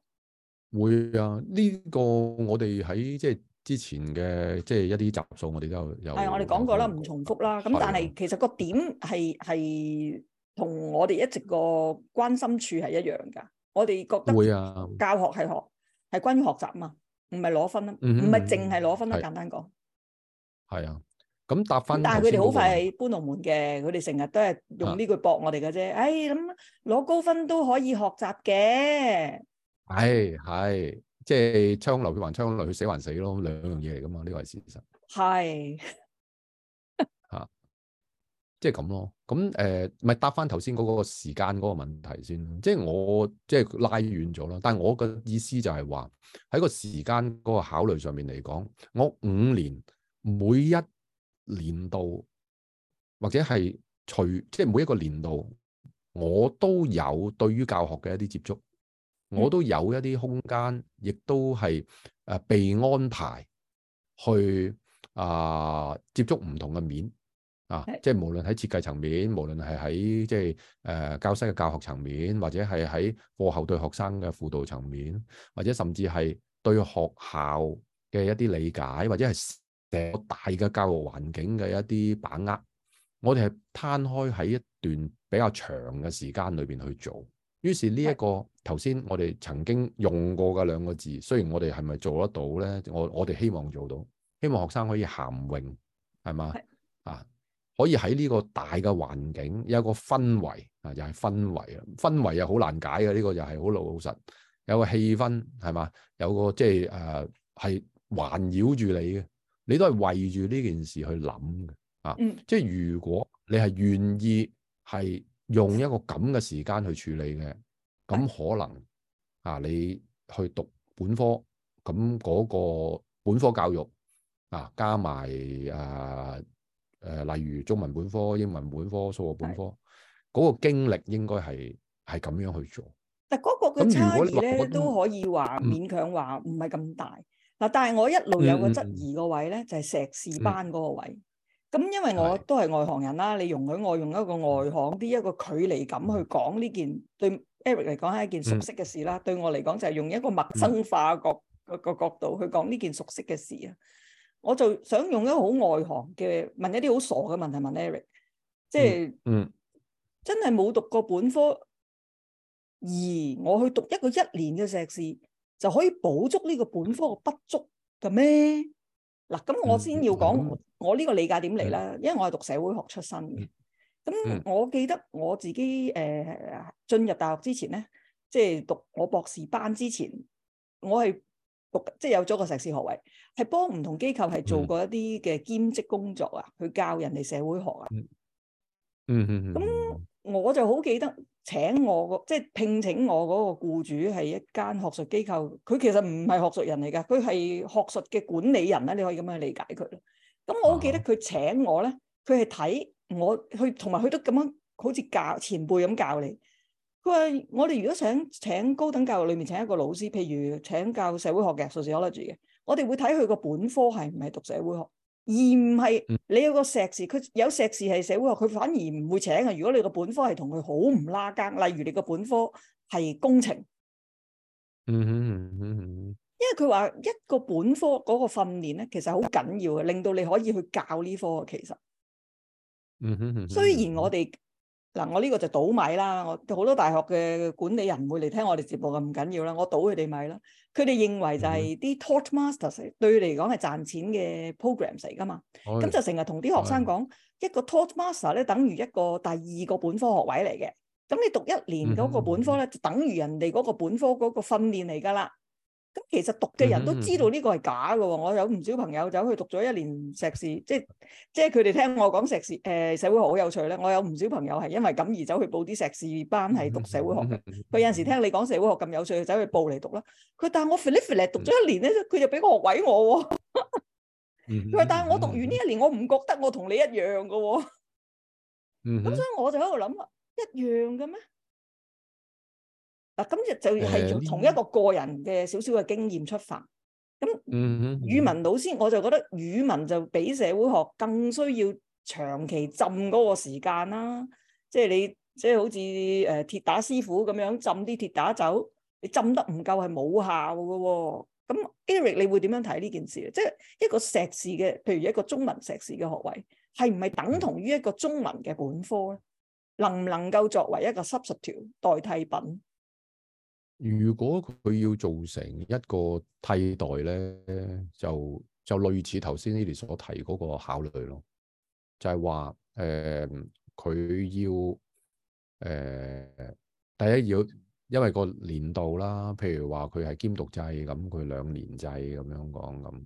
會啊，呢、啊，這個我哋喺即係之前嘅即係一啲集數，我哋都有。係、啊、我哋講過啦，唔重複啦。咁、啊、但係其實個點係係同我哋一直個關心處係一樣噶。我哋覺得會、啊、教學係學係關於學習嘛，唔係攞分，唔係淨係攞分啊。簡單講。係啊。咁搭翻，但係佢哋好快搬龍門嘅，佢哋成日都係用呢句駁我哋嘅啫。哎，咁攞高分都可以學習嘅，係係，即係槍流血還槍流血死還死咯，兩樣嘢嚟噶嘛，呢個係事實。係，吓 即係咁咯。咁誒，咪搭翻頭先嗰個時間嗰個問題先。即係我即係拉遠咗啦。但係我個意思就係話喺個時間嗰個考慮上面嚟講，我五年每一。年度或者係隨即係、就是、每一個年度，我都有對於教學嘅一啲接觸，我都有一啲空間，亦都係誒被安排去啊接觸唔同嘅面啊，即係、啊就是，無論喺設計層面，無論係喺即係誒教師嘅教學層面，或者係喺課後對學生嘅輔導層面，或者甚至係對學校嘅一啲理解，或者係。成個大嘅教育環境嘅一啲把握，我哋係攤開喺一段比較長嘅時間裏邊去做。於是呢、這、一個頭先我哋曾經用過嘅兩個字，雖然我哋係咪做得到咧？我我哋希望做到，希望學生可以涵泳，係嘛啊？可以喺呢個大嘅環境有一個氛圍啊，又、就、係、是、氛圍啊，氛圍又好難解嘅呢、這個又係好老老實有個氣氛係嘛，有個即係誒係環繞住你嘅。你都係圍住呢件事去諗嘅、嗯、啊！即係如果你係願意係用一個咁嘅時間去處理嘅，咁可能啊，你去讀本科，咁嗰個本科教育啊，加埋誒誒，例如中文本科、英文本科、數學本科嗰、嗰個經歷，應該係係咁樣去做。但係嗰個嘅差異咧，都可以話、嗯、勉強話唔係咁大。嗱，但係我一路有個質疑個位咧，就係碩士班嗰個位。咁因為我都係外行人啦，你容許我用一個外行啲、一個距離感去講呢件對 Eric 嚟講係一件熟悉嘅事啦，對我嚟講就係用一個陌生化角個個角度去講呢件熟悉嘅事啊。我就想用一個好外行嘅問一啲好傻嘅問題問 Eric，即係嗯，真係冇讀過本科，而我去讀一個一年嘅碩士。就可以補足呢個本科嘅不足嘅咩？嗱，咁我先要講我呢個理解點嚟啦。因為我係讀社會學出身嘅。咁我記得我自己誒進入大學之前咧，即係讀我博士班之前，我係讀即係有咗個碩士學位，係幫唔同機構係做過一啲嘅兼職工作啊，去教人哋社會學啊。嗯嗯咁我就好記得。請我個即係聘請我嗰個、就是、僱主係一間學術機構，佢其實唔係學術人嚟㗎，佢係學術嘅管理人啦，你可以咁樣理解佢咯。咁我記得佢請我咧，佢係睇我去同埋佢都咁樣好似教前輩咁教你。佢話：我哋如果想請高等教育裏面請一個老師，譬如請教社會學嘅 sociology 嘅，我哋會睇佢個本科係唔係讀社會學。而唔係你有個碩士，佢有碩士係社會學，佢反而唔會請啊。如果你個本科係同佢好唔拉更，例如你個本科係工程，嗯哼嗯哼，因為佢話一個本科嗰個訓練咧，其實好緊要嘅，令到你可以去教呢科，其實，嗯哼，雖然我哋。嗱，我呢個就倒米啦，我好多大學嘅管理人會嚟聽我哋節目，咁唔緊要啦，我倒佢哋米啦。佢哋認為就係啲 taught masters 對佢哋嚟講係賺錢嘅 programs 嚟噶嘛，咁、mm -hmm. 就成日同啲學生講，mm -hmm. 一個 taught master 咧，等於一個第二個本科學位嚟嘅，咁你讀一年嗰個本科咧，mm -hmm. 就等於人哋嗰個本科嗰個訓練嚟噶啦。咁其實讀嘅人都知道呢個係假噶，我有唔少朋友走去讀咗一年碩士，即係即係佢哋聽我講碩士誒、呃、社會學好有趣咧。我有唔少朋友係因為咁而走去報啲碩士班係讀社會學。佢有陣時聽你講社會學咁有趣，就走去報嚟讀啦。佢話，但係我 p h i l i p i l i p 讀咗一年咧，佢就俾個學位我。佢話 但係我讀完呢一年，我唔覺得我同你一樣噶。咁 所以我就喺度諗，一樣嘅咩？嗱，咁就係從一個個人嘅少少嘅經驗出發。咁語文老師我就覺得語文就比社會學更需要長期浸嗰個時間啦。即係你即係好似誒鐵打師傅咁樣浸啲鐵打酒，你浸得唔夠係冇效嘅喎。咁 Eric，你會點樣睇呢件事咧？即係一個碩士嘅，譬如一個中文碩士嘅學位，係唔係等同於一個中文嘅本科咧？能唔能夠作為一個 substitute 代替品？如果佢要做成一個替代咧，就就類似頭先呢啲所提嗰個考慮咯，就係話誒，佢、呃、要誒、呃，第一要因為個年度啦，譬如話佢係兼讀制，咁佢兩年制咁樣講咁，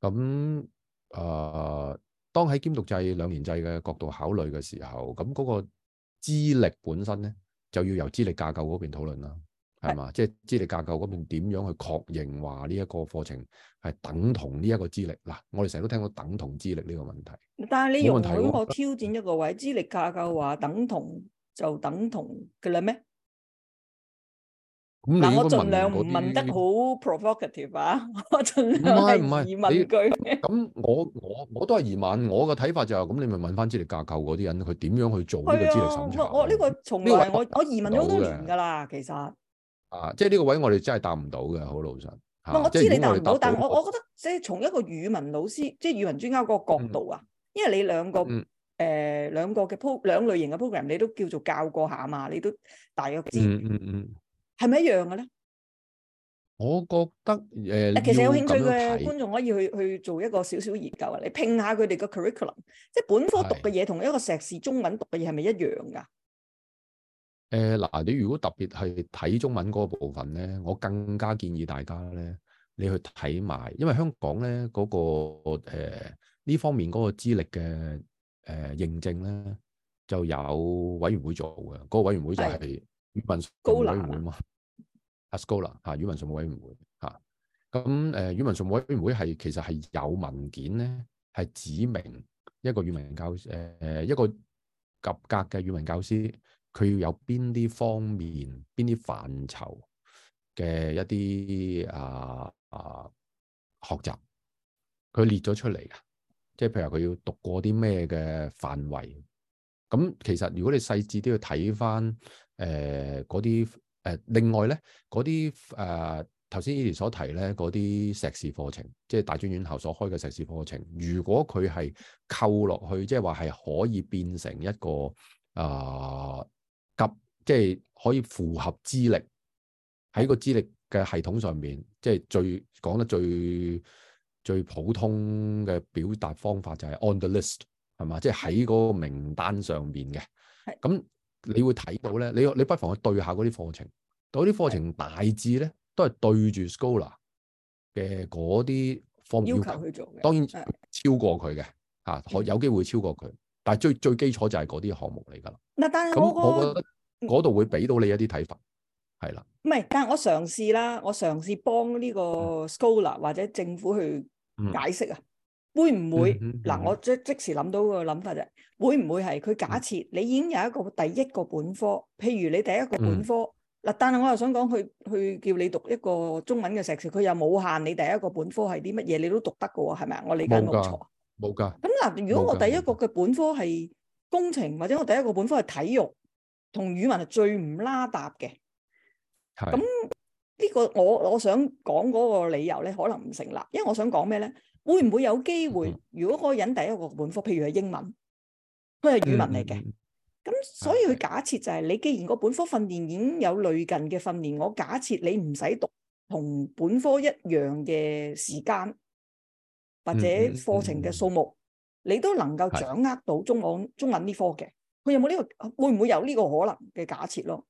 咁啊、呃，當喺兼讀制兩年制嘅角度考慮嘅時候，咁嗰個資歷本身咧就要由資歷架構嗰邊討論啦。係嘛？即係資歷架構嗰邊點樣去確認話呢一個課程係等同呢一個資歷嗱？我哋成日都聽到等同資歷呢個問題。但係你容許我挑戰一個位，資歷、啊、架構話等同就等同嘅啦咩？但我盡量唔問得好 provocative 啊！ 我盡量問。唔係唔係， 你咁我我我都係疑問，我嘅睇法就係、是、咁，你咪問翻資歷架構嗰啲人，佢點樣去做呢個資歷審查，我呢、這個從我我疑問好多年噶啦，其實。啊，即係呢個位我哋真係答唔到嘅，好老實、啊。我知你答唔到，但係我我覺得，即係從一個語文老師，嗯、即係語文專家嗰個角度啊、嗯，因為你兩個誒兩、嗯呃、個嘅 pro 兩類型嘅 program，你都叫做教過下嘛，你都大約知，係、嗯、咪、嗯嗯、一樣嘅咧？我覺得誒、呃，其實有興趣嘅觀眾可以去去做一個少少研究啊！你拼下佢哋個 curriculum，即係本科讀嘅嘢，同一個碩士中文讀嘅嘢，係咪一樣噶？誒、呃、嗱，你如果特別係睇中文嗰部分咧，我更加建議大家咧，你去睇埋，因為香港咧嗰、那個呢、呃、方面嗰個資歷嘅誒、呃、認證咧，就有委員會做嘅，嗰、那個委員會就係語文。高能。委員會嘛，阿 SCOLAR 嚇，語文常務委員會嚇，咁、啊、誒、呃、語文常務委員會係其實係有文件咧，係指明一個語文教誒誒、呃、一個及格嘅語文教師。佢要有邊啲方面、邊啲範疇嘅一啲啊啊學習，佢列咗出嚟噶，即係譬如佢要讀過啲咩嘅範圍。咁其實如果你細緻都要睇翻，誒嗰啲誒另外咧嗰啲誒頭先 Eli 所提咧嗰啲碩士課程，即係大專院校所開嘅碩士課程，如果佢係扣落去，即係話係可以變成一個啊。呃及即係可以符合資歷，喺個資歷嘅系統上面，即係最講得最最普通嘅表達方法就係 on the list 係嘛？即係喺嗰個名單上面嘅。係咁，你會睇到咧，你你不妨去對下嗰啲課程。嗰啲課程大致咧都係對住 Scholar 嘅嗰啲方面要求去做嘅。當然超過佢嘅嚇，有機會超過佢。但係最最基礎就係嗰啲項目嚟㗎啦。嗱，但係我、嗰個、我覺得嗰度會俾到你一啲睇法，係啦。唔係，但係我嘗試啦，我嘗試幫呢個 scholar 或者政府去解釋啊、嗯。會唔會嗱、嗯嗯嗯？我即即時諗到個諗法就係會唔會係佢假設你已經有一個第一個本科，嗯、譬如你第一個本科嗱、嗯，但係我又想講佢去叫你讀一個中文嘅碩士，佢又冇限你第一個本科係啲乜嘢，你都讀得㗎喎，係咪啊？我理解冇錯。冇噶。咁嗱，如果我第一個嘅本科係工程，或者我第一個本科係體育，同語文係最唔拉搭嘅。咁呢個我我想講嗰個理由咧，可能唔成立。因為我想講咩咧？會唔會有機會？如果嗰個人第一個本科，譬如係英文，佢係語文嚟嘅。咁、嗯、所以佢假設就係、是，你既然個本科訓練已經有類近嘅訓練，我假設你唔使讀同本科一樣嘅時間。或者課程嘅數目、嗯嗯，你都能夠掌握到中文中文呢科嘅，佢有冇呢、呢個？會唔會有呢個可能嘅假設咯？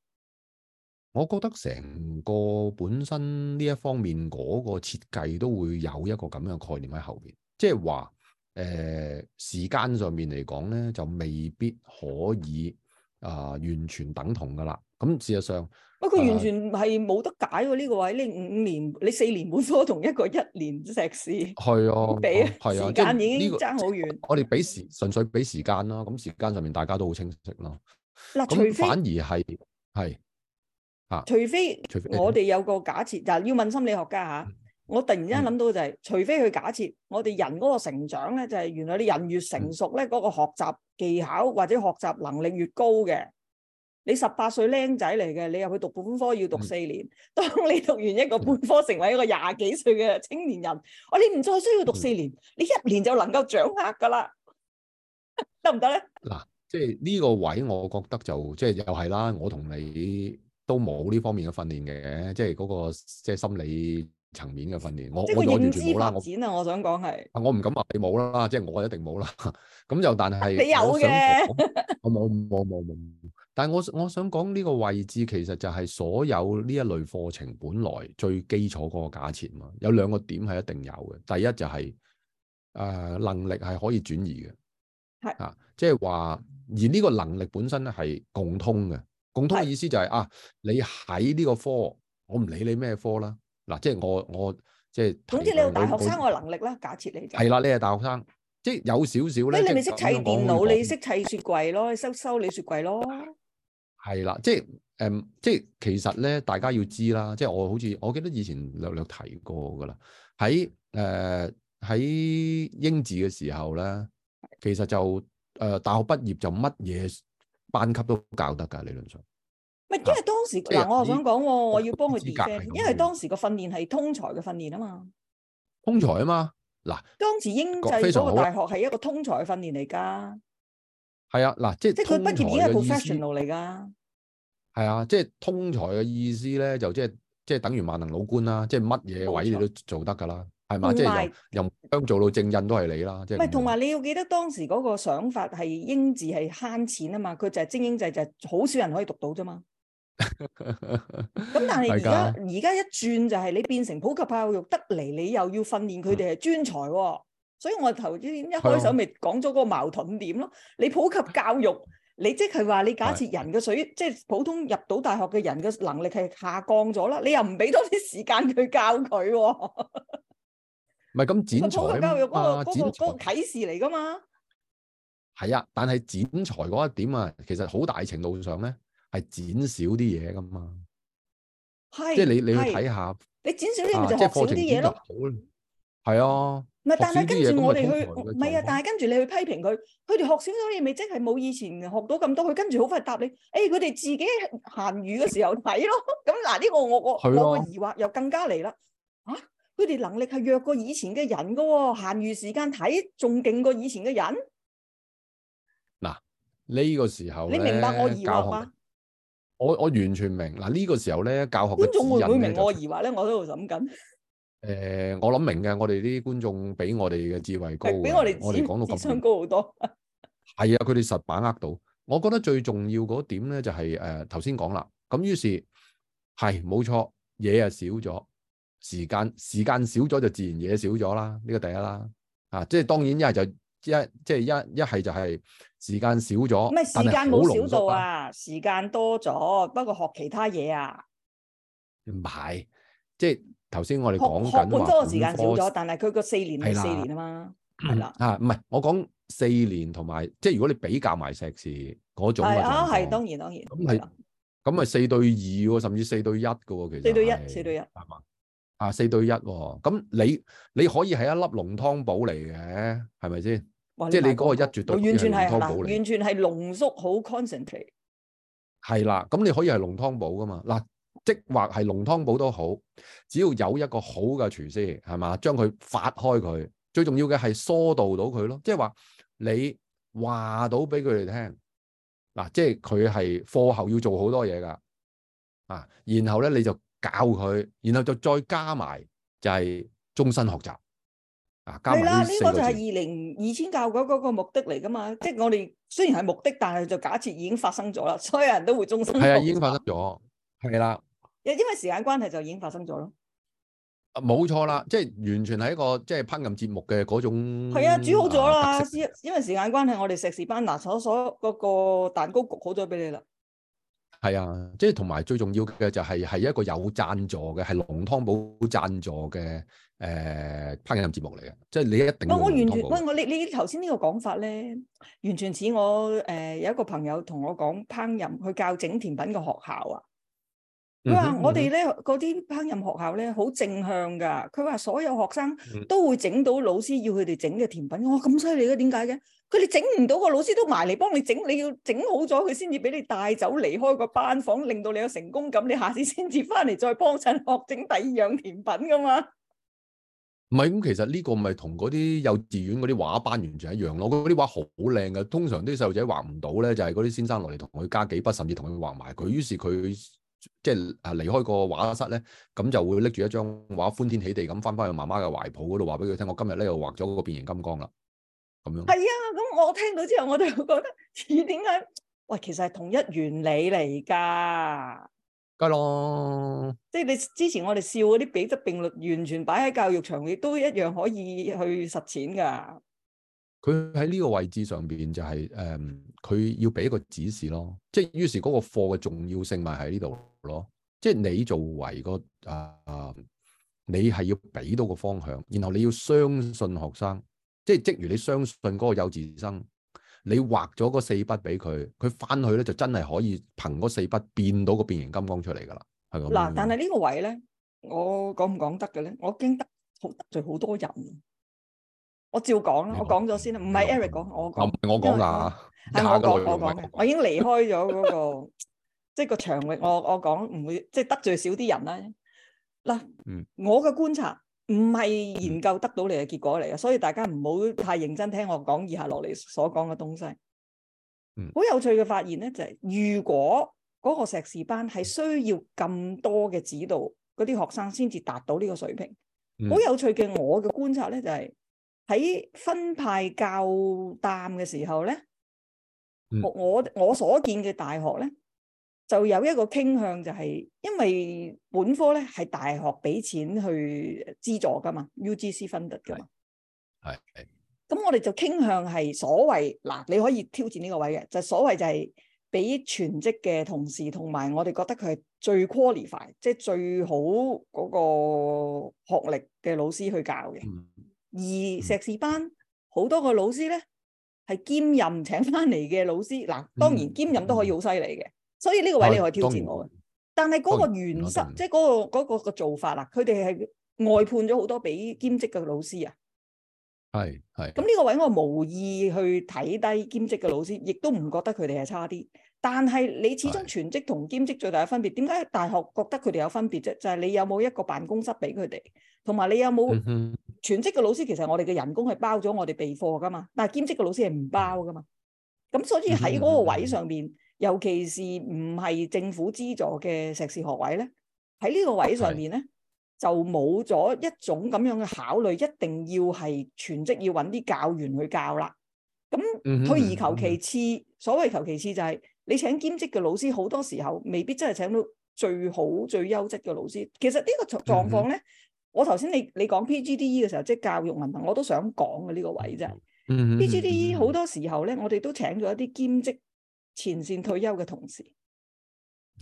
我覺得成個本身呢一方面嗰個設計都會有一個咁樣嘅概念喺後邊，即係話誒時間上面嚟講咧，就未必可以啊、呃、完全等同噶啦。咁事實上。佢完全係冇得解喎，呢、啊這個位你五年你四年本科同一個一年碩士，係啊，比時間已經爭好遠。啊啊就是這個就是、我哋比時純粹比時間咯，咁時間上面大家都好清晰咯。嗱、啊，除非。反而係係嚇，除非除非我哋有個假設，嗱要問心理學家嚇、嗯，我突然之間諗到就係、是嗯，除非佢假設我哋人嗰個成長咧，就係、是、原來你人越成熟咧，嗰、嗯那個學習技巧或者學習能力越高嘅。你十八歲僆仔嚟嘅，你入去讀本科要讀四年、嗯。當你讀完一個本科，嗯、成為一個廿幾歲嘅青年人，哦，你唔再需要讀四年、嗯，你一年就能夠掌握噶啦，得唔得咧？嗱，即係呢個位，我覺得就即係、就是、又係啦。我同你都冇呢方面嘅訓練嘅，即係嗰個即係、就是、心理。層面嘅訓練，我我完全冇啦。我展、啊、我想講係，我唔敢話你冇啦，即、就、係、是、我一定冇啦。咁 就但係，你有嘅，我冇冇冇冇。但係我我想講呢個位置，其實就係所有呢一類課程本來最基礎嗰個價錢嘛。有兩個點係一定有嘅，第一就係、是、誒、呃、能力係可以轉移嘅，係啊，即係話而呢個能力本身咧係共通嘅，共通嘅意思就係、是、啊，你喺呢個科，我唔理你咩科啦。嗱，即係我我即係。總之你有大學生嘅能力啦。假設你係。係啦，你係大學生，即係有少少咧。咁你咪識砌電腦，你識砌雪櫃咯，你收收你雪櫃咯。係啦，即係誒、嗯，即係其實咧，大家要知啦。即係我好似我記得以前略略提過噶啦。喺誒喺英治嘅時候咧，其實就誒、呃、大學畢業就乜嘢班級都教得㗎，理論上。咪因為當時嗱、啊啊啊，我係想講、啊，我要幫佢 defend 因為當時個訓練係通才嘅訓練啊嘛，通才嗎啊嘛嗱，當時英就嗰個大學係一個通才嘅訓練嚟噶，係啊嗱，即係即係佢畢業，已經係 professional 嚟噶，係啊，即、啊、係、就是、通才嘅意思咧、啊，就即係即係等於萬能老倌啦，即係乜嘢位置你都做得噶啦，係嘛？即係由梅香做到正印都係你啦，即係唔係？同埋你要記得當時嗰個想法係英字係慳錢啊嘛，佢就係精英制，就係、是、好少人可以讀到啫嘛。咁 但係而家而家一轉就係你變成普及教育得嚟，你又要訓練佢哋係專才，哦，所以我頭先一開手咪講咗個矛盾點咯。你普及教育， 你即係話你假設人嘅水，即係普通入到大學嘅人嘅能力係下降咗啦，你又唔俾多啲時間佢教佢，哦，唔係咁剪裁教育嗰，嗰個嗰，啊嗰個啟，嗰個，示嚟噶嘛？係啊，但係剪裁嗰一點啊，其實好大程度上咧。係剪少啲嘢噶嘛？係即係你，你去睇下，你剪少啲咪就學少啲嘢咯。係啊，唔係、啊、但係跟住我哋去，唔係啊，但係跟住你去批評佢，佢哋學少咗嘢，咪即係冇以前學到咁多。佢跟住好快答你，誒、哎，佢哋自己閒餘嘅時候睇咯。咁 嗱，呢、這個我我、啊、我嘅疑惑又更加嚟啦。啊，佢哋能力係弱過以前嘅人噶、哦，閒餘時間睇仲勁過以前嘅人。嗱呢、這個時候，你明白我疑惑嘛？我我完全明。嗱呢、這個時候咧教學嘅指引咧會唔會明我而話咧？我喺度諗緊。誒、呃，我諗明嘅，我哋啲觀眾俾我哋嘅智慧高的，俾我哋我哋講到咁高好多。係 啊，佢哋實把握到。我覺得最重要嗰點咧就係、是、誒，頭先講啦。咁於是係冇錯，嘢啊少咗，時間時間少咗就自然嘢少咗啦。呢、這個第一啦，啊，即係當然一係就。即係一、即係、一係就係時間少咗，唔係時間冇少到啊，時間多咗，不過學其他嘢啊，唔係、即係啊，即係頭先我哋講緊嘛，本科嘅時間少咗，但係佢個四年係四年啊嘛，係啦，啊唔係，我講四年同埋即係如果你比較埋碩士嗰種啊，係啊係，當然當然，咁係，咁咪四對二喎，甚至四對一嘅喎，其實四對一，四對一係嘛，啊四對一，咁你你可以係一粒濃湯寶嚟嘅，係咪先？即係你嗰個一絕到完全係嗱，完全係濃縮好 concentrate，係啦，咁你可以係濃湯寶噶嘛嗱，即或係濃湯寶都好，只要有一個好嘅廚師係嘛，將佢發開佢，最重要嘅係疏導到佢咯，即係話你話到俾佢哋聽嗱，即係佢係課後要做好多嘢噶啊，然後咧你就教佢，然後就再加埋就係終身學習。係啦，呢、這個就係二零二千教嗰個目的嚟噶嘛，即係我哋雖然係目的，但係就假設已經發生咗啦，所有人都會終生係已經發生咗，係啦，因因為時間關係就已經發生咗咯，啊冇錯啦，即係完全係一個即係烹飪節目嘅嗰種係啊，煮好咗啦，啊，因為時間關係，我哋食時班拿所所嗰個蛋糕焗好咗俾你啦。係啊，即係同埋最重要嘅就係、是、係一個有贊助嘅，係濃湯寶贊助嘅誒、呃、烹飪節目嚟嘅，即係你一定。我完全喂我你你頭先呢個講法咧，完全似我誒、呃、有一個朋友同我講烹飪，去教整甜品嘅學校啊。佢話我哋咧嗰啲烹飪學校咧好正向噶，佢話所有學生都會整到老師要佢哋整嘅甜品。我咁犀利嘅點解嘅？哦佢哋整唔到個老師都埋嚟幫你整，你要整好咗佢先至俾你帶走離開個班房，令到你有成功感，你下次先至翻嚟再幫襯學整第二樣甜品噶嘛？唔係咁，其實呢個咪同嗰啲幼稚園嗰啲畫班完全一樣咯。嗰啲畫好靚噶，通常啲細路仔畫唔到咧，就係嗰啲先生落嚟同佢加幾筆，甚至同佢畫埋佢。於是佢即係啊離開個畫室咧，咁就會拎住一張畫歡天喜地咁翻返去媽媽嘅懷抱嗰度話俾佢聽：我今日咧又畫咗個變形金剛啦。咁樣係啊！咁我聽到之後，我就覺得咦？點解喂？其實係同一原理嚟噶，梗係咯。即係你之前我哋笑嗰啲比得並律，完全擺喺教育場亦都一樣可以去實踐噶。佢喺呢個位置上面就係、是、誒、佢、嗯、要俾一個指示咯。即係於是嗰個課嘅重要性咪喺呢度咯。即係你作為個、呃、你係要俾到個方向，然後你要相信學生。即係，即如你相信嗰個幼稚生，你畫咗嗰四筆俾佢，佢翻去咧就真係可以憑嗰四筆變到個變形金剛出嚟噶啦。係咁。嗱，但係呢個位咧，我講唔講得嘅咧？我驚得好得罪好多人，我照講啦、嗯，我講咗先啦。唔係 Eric 講、嗯，我講。我講啦吓，係我講，我講我已經離開咗嗰、那個，即 係個場域，我我講唔會，即、就、係、是、得罪少啲人啦。嗱、嗯，我嘅觀察。唔係研究得到你嘅結果嚟嘅，所以大家唔好太認真聽我講以下落嚟所講嘅東西。好有趣嘅發現咧，就係、是、如果嗰個碩士班係需要咁多嘅指導，嗰啲學生先至達到呢個水平。好有趣嘅，我嘅觀察咧就係、是、喺分派教淡嘅時候咧，我我所見嘅大學咧。就有一個傾向、就是，就係因為本科咧係大學俾錢去資助噶嘛，UGC funded 噶嘛。係係。咁我哋就傾向係所謂嗱，你可以挑戰呢個位嘅，就所謂就係俾全職嘅同事同埋，我哋覺得佢係最 qualified，即係最好嗰個學歷嘅老師去教嘅、嗯。而碩士班好、嗯、多個老師咧係兼任請翻嚟嘅老師，嗱當然兼任都可以好犀利嘅。嗯嗯所以呢個位你可以挑戰我嘅，但係嗰個原則即係嗰個嗰個個做法啦、啊。佢哋係外判咗好多俾兼職嘅老師啊，係係。咁呢個位我無意去睇低兼職嘅老師，亦都唔覺得佢哋係差啲。但係你始終全職同兼職最大嘅分別，點解大學覺得佢哋有分別啫？就係、是、你有冇一個辦公室俾佢哋，同埋你有冇全職嘅老師？其實我哋嘅人工係包咗我哋備課㗎嘛，但係兼職嘅老師係唔包㗎嘛。咁所以喺嗰個位上面。嗯嗯尤其是唔係政府資助嘅碩士學位咧，喺呢個位上面咧，okay. 就冇咗一種咁樣嘅考慮，一定要係全職要揾啲教員去教啦。咁退、mm -hmm. 而求其次，所謂求其次就係、是、你請兼職嘅老師，好多時候未必真係請到最好、最優質嘅老師。其實呢個狀況咧，mm -hmm. 我頭先你你講 PGDE 嘅時候，即、就、係、是、教育文憑，我都想講嘅呢個位啫。Mm -hmm. PGDE 好多時候咧，我哋都請咗一啲兼職。前綫退休嘅同事，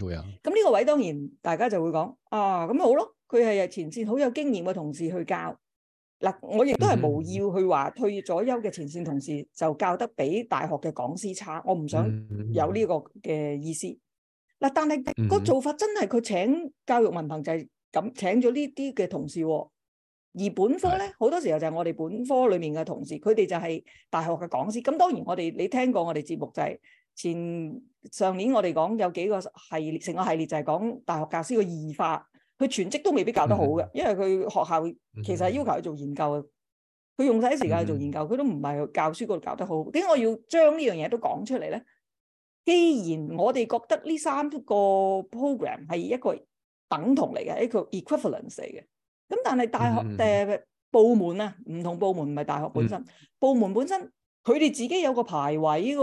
會啊，咁呢個位，當然大家就會講啊，咁好咯，佢係前綫好有經驗嘅同事去教嗱、啊，我亦都係無意要去話退咗休嘅前綫同事就教得比大學嘅講師差，我唔想有呢個嘅意思嗱、啊，但係個做法真係佢請教育文憑就係咁，請咗呢啲嘅同事、啊，而本科咧好多時候就係我哋本科裏面嘅同事，佢哋就係大學嘅講師，咁當然我哋你聽過我哋節目就係、是。前上年我哋講有幾個系列，成個系列就係講大學教師嘅異化，佢全職都未必教得好嘅，因為佢學校其實要求佢做研究，佢用晒啲時間去做研究，佢都唔係教書嗰度教得好好。點解我要將呢樣嘢都講出嚟咧？既然我哋覺得呢三個 program 係一個等同嚟嘅，一個 equivalence 嚟嘅，咁但係大學嘅部門啊，唔同部門唔係大學本身、嗯、部門本身。佢哋自己有個排位嘅，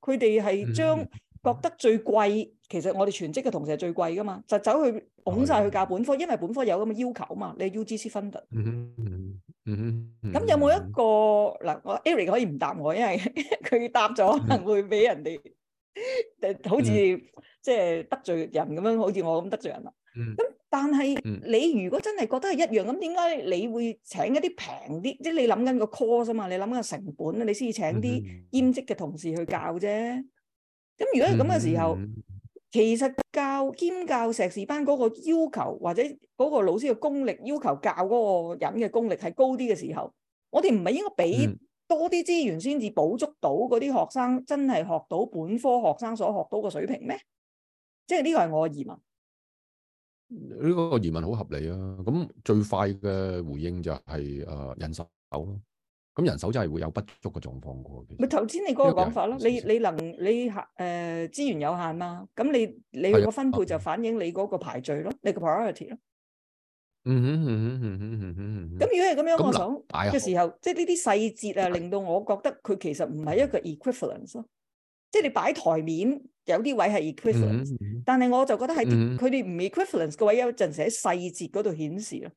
佢哋係將覺得最貴，其實我哋全職嘅同事係最貴噶嘛，就走去拱晒去教本科，因為本科有咁嘅要求啊嘛，你 U G C 分得，嗯咁、嗯嗯、有冇一個嗱，我 Eric 可以唔答我，因為佢答咗可能會俾人哋，好似即係得罪人咁樣，好似我咁得罪人啦，嗯。但係你如果真係覺得係一樣咁，點、嗯、解你會請一啲平啲？即、就、係、是、你諗緊個 course 啊嘛，你諗緊個成本啊，你先至請啲兼職嘅同事去教啫。咁如果係咁嘅時候、嗯，其實教兼教碩士班嗰個要求或者嗰個老師嘅功力要求教嗰個人嘅功力係高啲嘅時候，我哋唔係應該俾多啲資源先至補足到嗰啲學生真係學到本科學生所學到嘅水平咩？即係呢個係我嘅疑問。呢、這個疑問好合理啊！咁最快嘅回應就係、是、誒、呃、人手咯，咁人手真係會有不足嘅狀況嘅。咪頭先你嗰個講法咯、這個，你你能你誒資、呃、源有限嘛？咁你你個分配就反映你嗰個排序咯，你個 priority 咯。嗯咁、嗯嗯嗯嗯嗯、如果係咁樣，我想嘅時候，即係呢啲細節啊，令到我覺得佢其實唔係一個 equivalence 咯、嗯，即係你擺台面。有啲位係 equivalent，嗯，但係我就覺得係佢哋唔、嗯、equivalent 嘅位，有陣時喺細節嗰度顯示咯。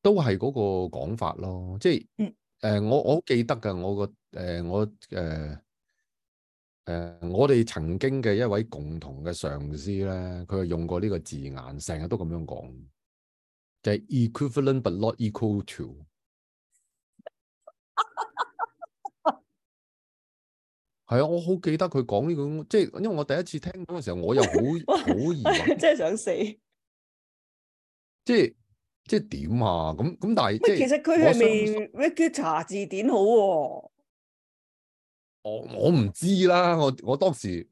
都係嗰個講法咯，即係誒、嗯呃，我我記得嘅，我個誒、呃呃，我誒誒，我哋曾經嘅一位共同嘅上司咧，佢係用過呢個字眼，成日都咁樣講，就係、是、equivalent but not equal to。 係啊，我好記得佢講呢個，即係因為我第一次聽到嘅時候，我又好好 疑惑，即 係想死，即係即係點啊？咁咁但係即係其實佢係未，想想 Ricky、查字典好啊，我我唔知啦，我我當時。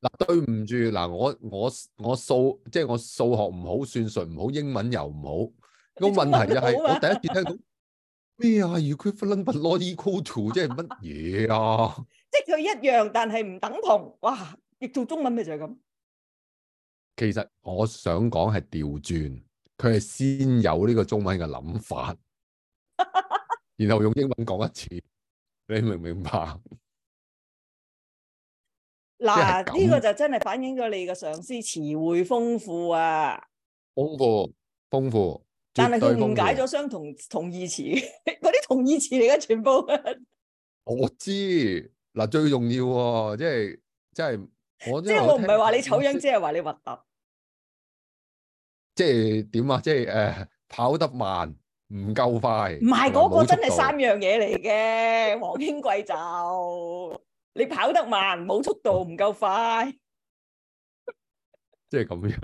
嗱，對唔住，嗱，我我我數即係我數學唔好，算術唔好，英文又唔好，個問題就係我第一次聽到咩啊 equivalent logical tool 即係乜嘢啊？即係佢一樣，但係唔等同。哇！譯做中文嘅就係咁？其實我想講係調轉，佢係先有呢個中文嘅諗法， 然後用英文講一次，你明唔明白？嗱、啊，呢、就是這個就真係反映咗你嘅上司詞彙豐富啊！豐、那個、富，豐富，但係佢誤解咗相同同義詞，嗰 啲同義詞嚟嘅全部我知嗱、啊，最重要即係即係我即係、就是、我唔係話你醜、就是就是、樣，即係話你核突，即係點啊？即係誒，跑得慢，唔夠快，唔係嗰個真係三樣嘢嚟嘅，黃興貴就。你跑得慢，冇速度，唔夠快，即係咁樣。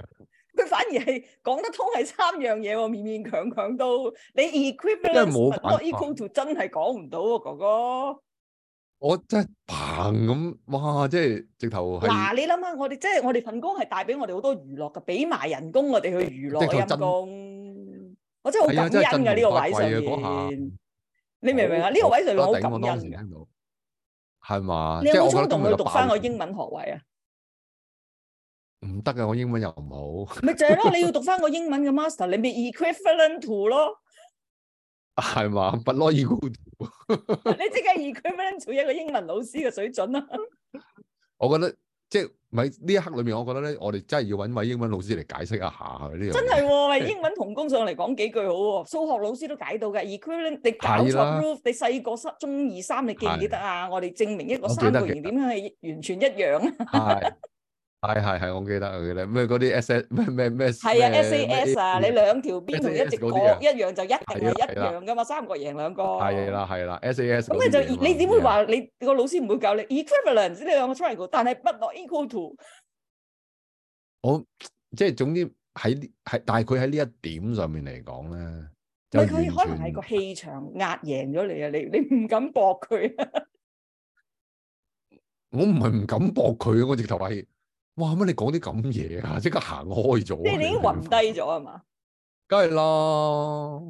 佢反而係講得通，係三樣嘢喎，勉勉強強都你 equivalent or equal to 真係講唔到喎，哥哥。我真係嘭咁，哇！即係直頭係。嗱，你諗下，我哋即係我哋份工係帶俾我哋好多娛樂㗎，俾埋人工我哋去娛樂陰功。我真係好感恩㗎。呢個位上面。你明唔明啊？呢個位上面好感恩。係嘛？你有冇衝動要去讀翻個英文學位啊？唔得噶，我英文又唔好。咪就係咯， 你要讀翻個英文嘅 master，你咪 equivalent to 咯。係嘛？不樂意 equal。你即係 equivalent to 一個英文老師嘅水準啊？我覺得。即係喺呢一刻裏面，我覺得咧，我哋真係要揾位英文老師嚟解釋一下佢呢樣。真係喎， 英文同工上嚟講幾句好喎，數學老師都解到嘅。而佢你搞 proof 你細個，三中二三你記唔記得啊？的我哋證明一個三角形點樣係完全一樣啊。的 係係係，我記得我記得咩嗰啲 S S 咩咩咩係啊 S A S 啊，你兩條邊同一隻角一樣就一定係一樣噶嘛，三個贏兩個係啦係啦 S A S 咁你就你點會話你個老師唔會教你 equivalence 你兩個 triangle，但係 but notequal to 我即係總之喺喺但係佢喺呢一點上面嚟講咧，就係佢可能係個氣場壓贏咗你啊，你你唔敢駁佢，我唔係唔敢駁佢，我直頭係。哇！乜你講啲咁嘢啊？即刻行開咗，你你已經暈低咗係嘛？梗係啦，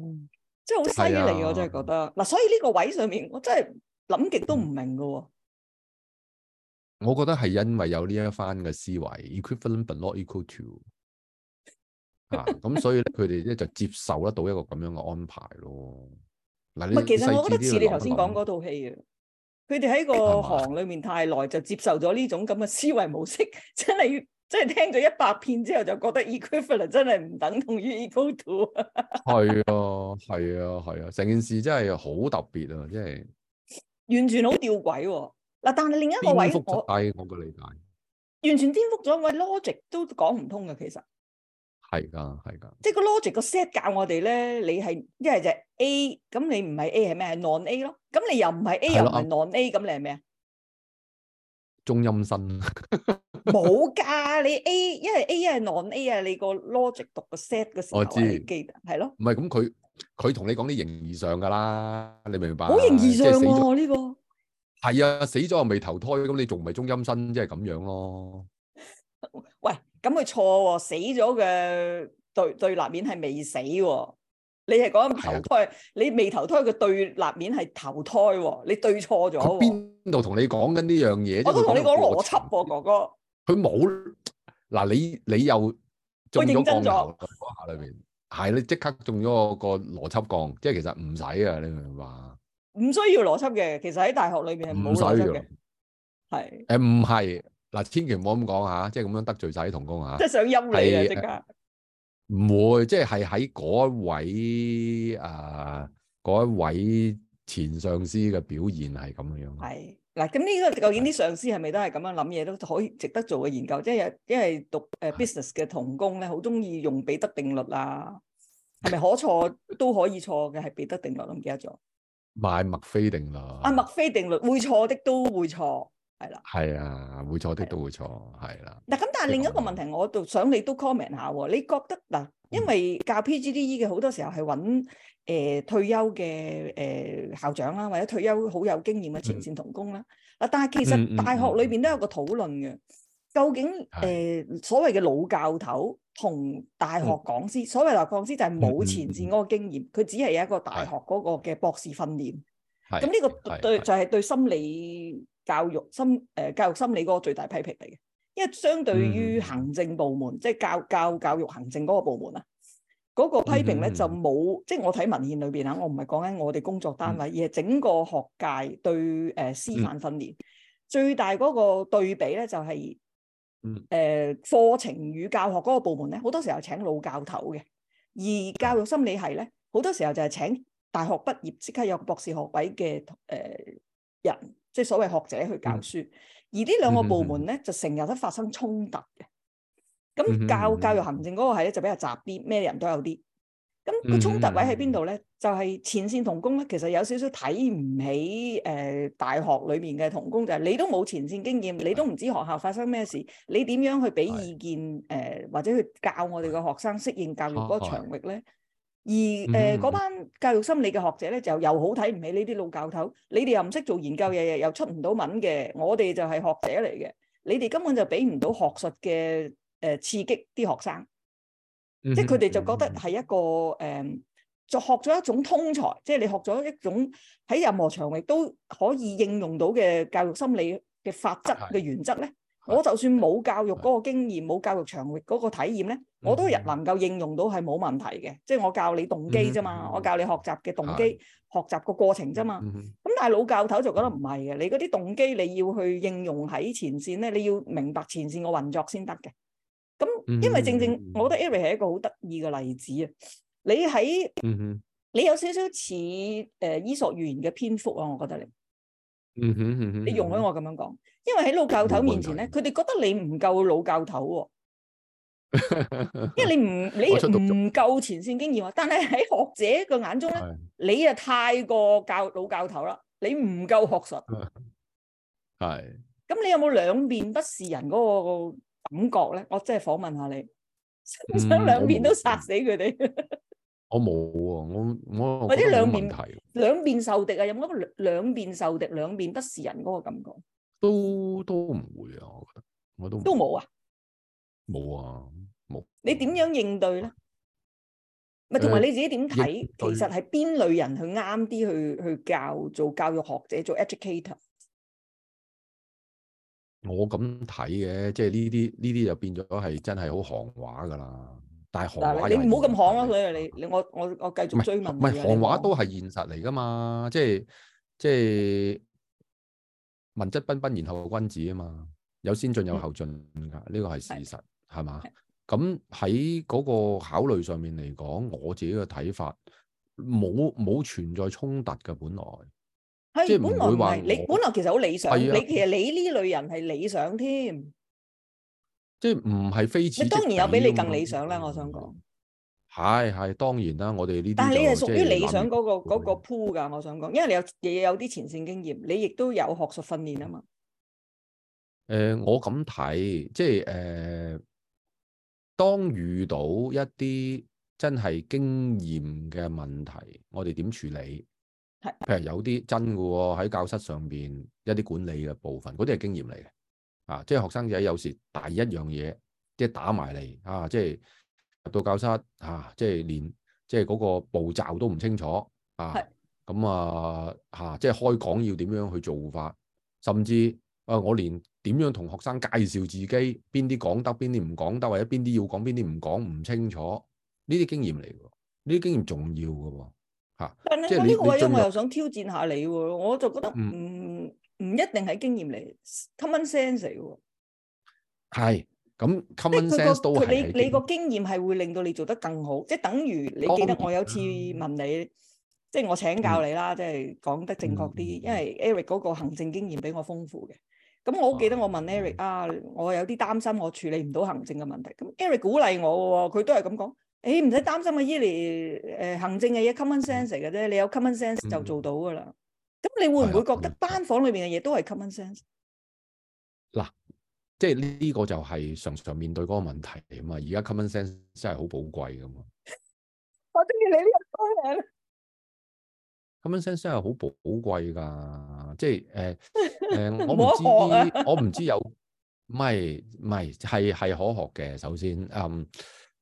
真係好犀利我真係覺得嗱，所以呢個位上面我真係諗極都唔明噶。我覺得係因為有呢一番嘅思維，equivalent but not equal to 啊，咁所以咧佢哋咧就接受得到一個咁樣嘅安排咯。嗱，其實我覺得似你頭先講嗰套戲啊。佢哋喺個行裏面太耐，就接受咗呢種咁嘅思維模式，是是真係要係聽咗一百遍之後，就覺得 equivalent 真係唔等同於 equal to。係 啊，係啊，係啊，成件事真係好特別啊，即係完全好吊詭嗱、哦。但係另一個位，我嘅理解，完全顛覆咗，我 logic 都講唔通嘅，其實。係噶，係噶。即係個 logic 個 set 教我哋咧，你係一係就 A，咁你唔係 A 係咩？係 non A 咯。咁你又唔係 A 又唔係 non A，咁你係咩啊？中陰身。冇噶，你 A 一係 A 一係 non A 啊，你個 logic 讀個 set 嘅時候我知，記得係咯。唔係咁，佢佢同你講啲形而上噶啦，你明唔明白？好形而上喎呢個。係啊，死咗又未投胎，咁你仲唔係中陰身？即係咁樣咯。喂。咁佢錯喎，死咗嘅對對立面係未死喎。你係講投，投，投胎，你未投胎嘅對立面係投胎喎。你對錯咗。佢邊度同你講緊呢樣嘢？我都同你講邏輯喎、啊，哥哥。佢冇嗱，你你又中咗降頭嘅話裏邊，係你即刻中咗個個邏輯降，即係其實唔使啊，你明唔明啊？唔需要邏輯嘅，其實喺大學裏邊係冇邏輯嘅。係。誒唔係。呃嗱，千祈唔好咁講吓，即係咁樣得罪曬啲同工吓，即係想陰你啊！即刻唔會，即係係喺嗰位啊嗰一位前上司嘅表現係咁樣。係嗱，咁呢個究竟啲上司係咪都係咁樣諗嘢都可以值得做嘅研究？即係因為讀誒 business 嘅同工咧，好中意用彼得定律啊，係咪可錯都可以錯嘅係彼得定律？唔記得咗，麥、麥菲定律。阿麥菲定律會錯的都會錯。係啦，係啊，會錯啲都會錯，係啦。嗱，咁但係另一個問題，我度想你都 comment 下喎。你覺得嗱，因為教 PGDE 嘅好多時候係搵誒退休嘅誒校長啦，或者退休好有經驗嘅前線同工啦。嗱，但係其實大學裏邊都有個討論嘅，究竟誒所謂嘅老教頭同大學講師，所謂大學講師就係冇前線嗰個經驗，佢只係有一個大學嗰個嘅博士訓練。咁呢個對就係對心理。教育心誒、呃、教育心理嗰個最大批評嚟嘅，因為相對於行政部門，即、嗯、係、就是、教教教育行政嗰個部門啊，嗰、那個批評咧就冇、嗯，即係我睇文獻裏邊啊，我唔係講緊我哋工作單位，嗯、而係整個學界對誒師範訓練最大嗰個對比咧，就係誒課程與教學嗰個部門咧，好多時候請老教頭嘅，而教育心理系咧，好多時候就係請大學畢業即刻有博士學位嘅誒、呃、人。即係所謂學者去教書，嗯、而呢兩個部門咧、嗯、就成日都發生衝突嘅。咁、嗯、教、嗯、教育行政嗰個係咧就比較雜啲，咩人都有啲。咁個衝突位喺邊度咧？就係、是、前線同工咧，其實有少少睇唔起誒、呃、大學裏面嘅同工，就係、是、你都冇前線經驗，你都唔知學校發生咩事，你點樣去俾意見誒、嗯呃，或者去教我哋嘅學生適應教育嗰個場域咧？而誒嗰、呃 mm -hmm. 班教育心理嘅學者咧，就又好睇唔起呢啲老教頭。你哋又唔識做研究嘢，又出唔到文嘅。我哋就係學者嚟嘅，你哋根本就俾唔到學術嘅誒、呃、刺激啲學生。Mm -hmm. 即係佢哋就覺得係一個、呃、就學咗一種通才，即係你學咗一種喺任何場域都可以應用到嘅教育心理嘅法則嘅原則咧。Mm -hmm. 我就算冇教育嗰個經驗，冇教育場域嗰個體驗咧，我都日能夠應用到係冇問題嘅。即係我教你動機啫嘛，我教你學習嘅動機、學習個過,過程啫嘛。咁但係老教頭就覺得唔係嘅，你嗰啲動機你要去應用喺前線咧，你要明白前線個運作先得嘅。咁因為正正，我覺得 Eric 係一個好得意嘅例子啊。你喺你有少少似誒伊索寓言嘅篇幅啊，我覺得你。嗯哼你用開我咁樣講。因為喺老教頭面前咧，佢哋覺得你唔夠老教頭，因為你唔你唔夠前線經驗啊。但係喺學者嘅眼中咧，你就太過教老教頭啦，你唔夠學術。係。咁你有冇兩面不是人嗰個感覺咧？我真係訪問下你，想兩面都殺死佢哋。我冇喎，我我或者兩面兩面受敵啊！有冇嗰個兩面受敵、兩面不是人嗰個感覺？都都唔會啊，我覺得我都都冇啊，冇啊，冇、啊。你點樣應對咧？唔係同埋你自己點睇、嗯？其實係邊類人去啱啲去去教做教育學者做 educator？我咁睇嘅，即係呢啲呢啲就變咗係真係好行話㗎喇。但係行話你唔好咁行咯、啊。所以你你我我我繼續追問。唔係行話都係現實嚟㗎嘛？即係即係。嗯文質彬彬，然後君子啊嘛，有先進有後進噶，呢、嗯這個係事實，係嘛？咁喺嗰個考慮上面嚟講，我自己嘅睇法冇冇存在衝突嘅本來，即係本來唔係你本來其實好理想，你其實你呢類人係理想添，即係唔係非此。你當然有比你更理想啦，我想講。係係當然啦，我哋呢啲，但係你係屬於理想嗰、那個嗰、就是那個鋪噶、那個，我想講，因為你有嘢有啲前線經驗，你亦都有學術訓練啊嘛。誒、呃，我咁睇，即係誒、呃，當遇到一啲真係經驗嘅問題，我哋點處理？係，譬如有啲真噶喎，喺教室上面一啲管理嘅部分，嗰啲係經驗嚟嘅。啊，即係學生仔有時第一樣嘢即係打埋嚟啊，即係。入到教室啊，即係連即係嗰個步驟都唔清楚啊。咁啊，吓、啊、即係開講要點樣去做法，甚至啊，我連點樣同學生介紹自己，邊啲講得，邊啲唔講得，或者邊啲要講，邊啲唔講，唔清楚。呢啲經驗嚟，呢啲經驗重要噶，吓、啊。但係呢個位我又想挑戰下你，我就覺得唔唔、嗯、一定係經驗嚟，common sense 嚟喎。係、嗯。咁 common sense 到係、那個、你你個經驗係會令到你做得更好，即係等於你記得我有次問你，即、哦、係、就是、我請教你啦，即係講得正確啲，因為 Eric 嗰個行政經驗比我豐富嘅。咁我好記得我問 Eric 啊，啊我有啲擔心我處理唔到行政嘅問題。咁 Eric 鼓勵我喎，佢都係咁講，誒唔使擔心啊 Eli 誒行政嘅嘢 common sense 嘅啫，你有 common sense、嗯、就做到噶啦。咁你會唔會覺得班房裏邊嘅嘢都係 common sense 嗱、啊？即係呢個就係常常面對嗰個問題嚟啊嘛，而家 common sense 真係好寶貴噶嘛。我中意你呢個講名。common sense 真係好寶貴噶，即係誒誒，我唔知學、啊、 我唔知有，唔係唔係係係可學嘅。首先，誒唔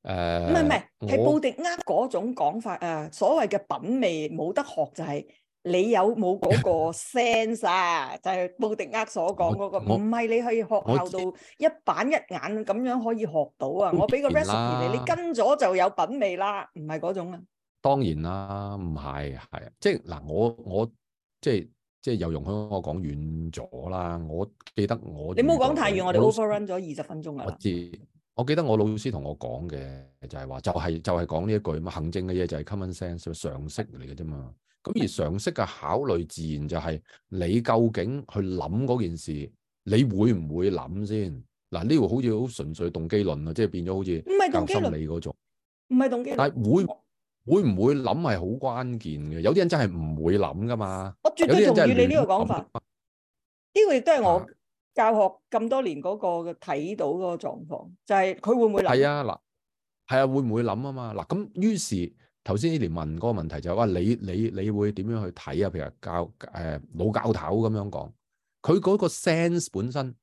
係唔係係布迪厄嗰種講法啊，所謂嘅品味冇得學就係、是。你有冇嗰個 sense 啊？就係布迪厄所講嗰個，唔係你去學校度一板一眼咁樣可以學到啊！我俾個 recipe 你，你跟咗就有品味啦，唔係嗰種啊。當然啦，唔係係啊，即係嗱，我我即係即係又容許我講遠咗啦。我記得我你唔好講太遠，我哋 overrun 咗二十分鐘啊。我知，我記得我老師同我講嘅就係話，就係就係講呢一句嘛，行政嘅嘢就係 common sense 常識嚟嘅啫嘛。咁而常識嘅考慮，自然就係你究竟去諗嗰件事，你會唔會諗先？嗱，呢個好似好純粹動機論啊，即係變咗好似教心理嗰種，唔係動機論，唔係動機論。但會會唔會諗係好關鍵嘅，有啲人真係唔會諗㗎嘛。我絕對同意你呢個講法，呢、呢個亦都係我教學咁多年嗰個睇到嗰個狀況，就係、係、佢會唔會諗？係啊，嗱、啊，係啊，會唔會諗啊嘛？嗱，咁於是。頭先呢連問嗰個問題就係話，你你你會點樣去睇啊？譬如教、呃、老教頭咁樣講，佢嗰個 sense 本身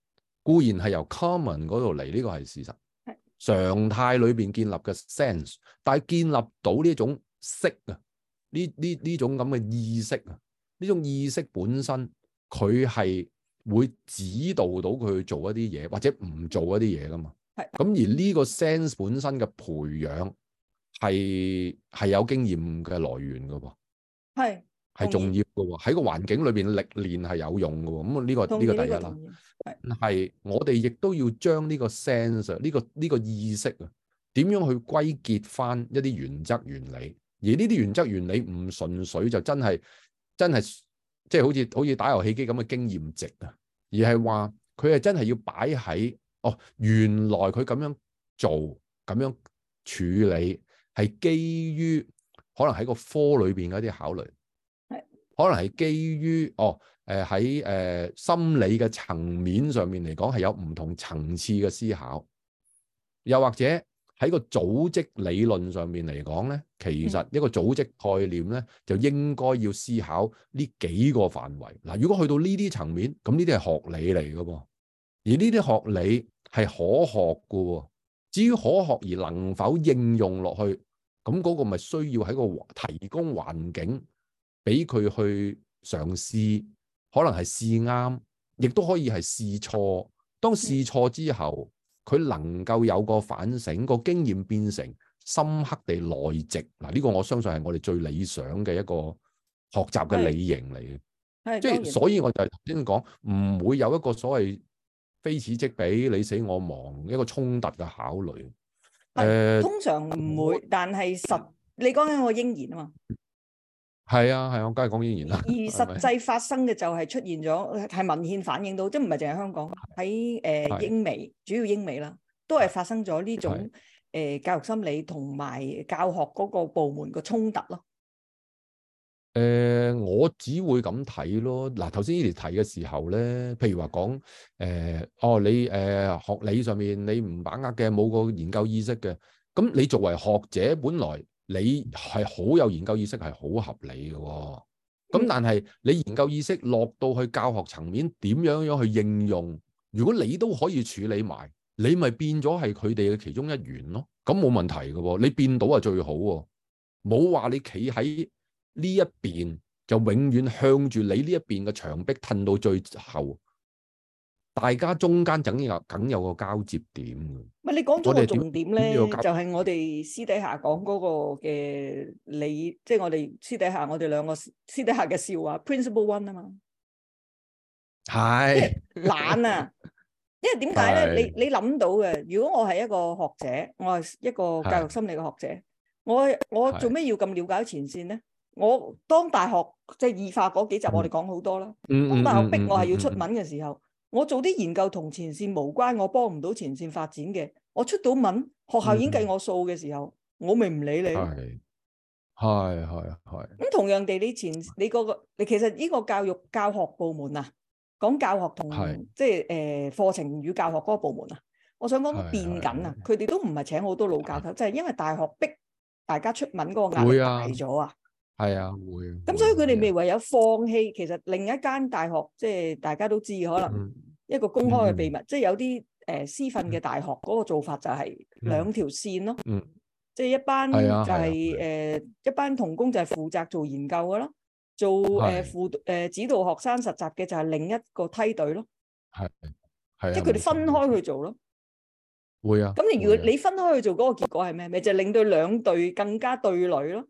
固然係由 common 嗰度嚟，呢個係事實。係常態裏面建立嘅 sense，但係建立到呢種識啊，呢呢呢種咁嘅意識啊，呢種意識本身佢係會指導到佢去做一啲嘢，或者唔做一啲嘢噶嘛。係咁而呢個 sense 本身嘅培養。係係有經驗嘅來源噶喎，係係重要噶喎，喺個環境裏邊歷練係有用噶喎，咁啊呢個呢個第一啦，係我哋亦都要將呢個 sense 呢個呢個意識啊，點樣去歸結翻一啲原則原理，而呢啲原則原理唔純粹就真係真係即係好似好似打遊戲機咁嘅經驗值啊，而係話佢係真係要擺喺哦，原來佢咁樣做咁樣處理。係基於可能喺個科裏邊嗰啲考慮，係可能係基於哦誒喺誒心理嘅層面上面嚟講，係有唔同層次嘅思考，又或者喺個組織理論上面嚟講咧，其實一個組織概念咧就應該要思考呢幾個範圍嗱。如果去到呢啲層面，咁呢啲係學理嚟㗎噃，而呢啲學理係可學㗎。至於可學而能否應用落去？咁、那、嗰個咪需要喺個提供環境，俾佢去嘗試，可能係試啱，亦都可以係試錯。當試錯之後，佢能夠有個反省，個經驗變成深刻地內植。嗱，呢個我相信係我哋最理想嘅一個學習嘅理型嚟嘅，即係、就是、所以我就頭先講，唔會有一個所謂非此即彼、你死我亡一個衝突嘅考慮。誒，通常唔會，但係實你講緊我應然啊嘛，係啊，係我梗係講應然啦。而實際發生嘅就係出現咗，係文獻反映到，即係唔係淨係香港喺誒英美，主要英美啦，都係發生咗呢種誒教育心理同埋教學嗰個部門嘅衝突咯。誒、呃，我只會咁睇咯。嗱、啊，頭先呢條題嘅時候咧，譬如話講，誒、呃，哦，你誒、呃、學理上面你唔把握嘅，冇個研究意識嘅，咁你作為學者，本來你係好有研究意識，係好合理嘅、哦。咁但係你研究意識落到去教學層面，點樣樣去應用？如果你都可以處理埋，你咪變咗係佢哋嘅其中一員咯。咁冇問題嘅喎、哦，你變到係最好喎、哦，冇話你企喺。呢一邊就永遠向住你呢一邊嘅牆壁褪到最後，大家中間梗有梗有個交接點嘅。唔係你講咗個重點咧、這個，就係、是、我哋私底下講嗰個嘅你，即、就、係、是、我哋私底下我哋兩個私底下嘅笑話。principal one 啊嘛，係懶啊， 因為點解咧？你你諗到嘅，如果我係一個學者，我係一個教育心理嘅學者，我我做咩要咁了解前線咧？我當大學即係、就是、二法嗰幾集我講，我哋講好多啦。咁大學逼我係要出文嘅時候，嗯嗯嗯嗯嗯、我做啲研究同前線無關，我幫唔到前線發展嘅，我出到文，學校已經計我數嘅時候，嗯、我咪唔理你。係係係。咁同樣地，你前你嗰個，你其實呢個教育教學部門啊，講教學同即係誒課程與教學嗰個部門啊，我想講變緊啊，佢哋都唔係請好多老教授，即係、就是、因為大學逼大家出文嗰個壓力大咗啊。係啊，會。咁所以佢哋咪唯有放棄。其實另一間大學，即係大家都知，可能一個公開嘅秘密，即係有啲誒師訓嘅大學嗰個做法就係兩條線咯。嗯，即係一班就係誒一班同工就係負責做研究噶咯，做誒副誒指導學生實習嘅就係另一個梯隊咯。係係。即係佢哋分開去做咯。會啊。咁你如果你分開去做嗰個結果係咩？咪就令到兩隊更加對壘咯。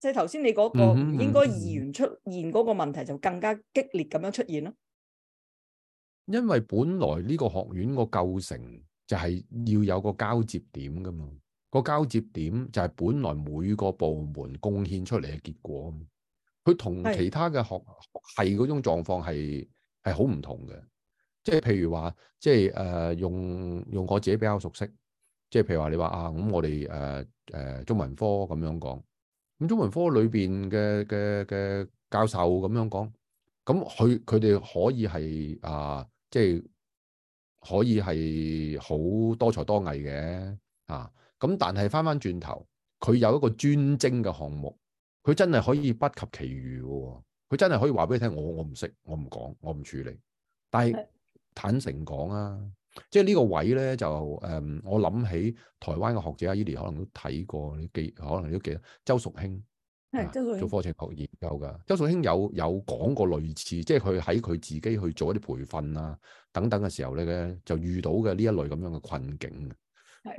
即係頭先你嗰個應該議員出現嗰個問題就更加激烈咁樣出現咯、嗯嗯嗯嗯。因為本來呢個學院個構成就係要有個交接點噶嘛，個交接點就係本來每個部門貢獻出嚟嘅結果。佢同其他嘅學系嗰種狀況，係係好唔同嘅。即係譬如話，即係誒、呃、用用我自己比較熟悉，即係譬如話你話啊，咁我哋誒誒中文科咁樣講。咁中文科裏邊嘅嘅嘅教授咁樣講，咁佢佢哋可以係啊，即係可以係好多才多藝嘅啊。咁但係翻翻轉頭，佢有一個專精嘅項目，佢真係可以不及其餘嘅。佢真係可以話俾你聽，我我唔識，我唔講，我唔處理。但係坦誠講啊。即係呢個位咧，就誒、嗯，我諗起台灣嘅學者阿 e l 可能都睇過啲記，可能都記得周淑卿係做課程學研究噶。周淑卿、啊、周淑周淑有有講過類似，即係佢喺佢自己去做一啲培訓啊等等嘅時候咧，就遇到嘅呢一類咁樣嘅困境。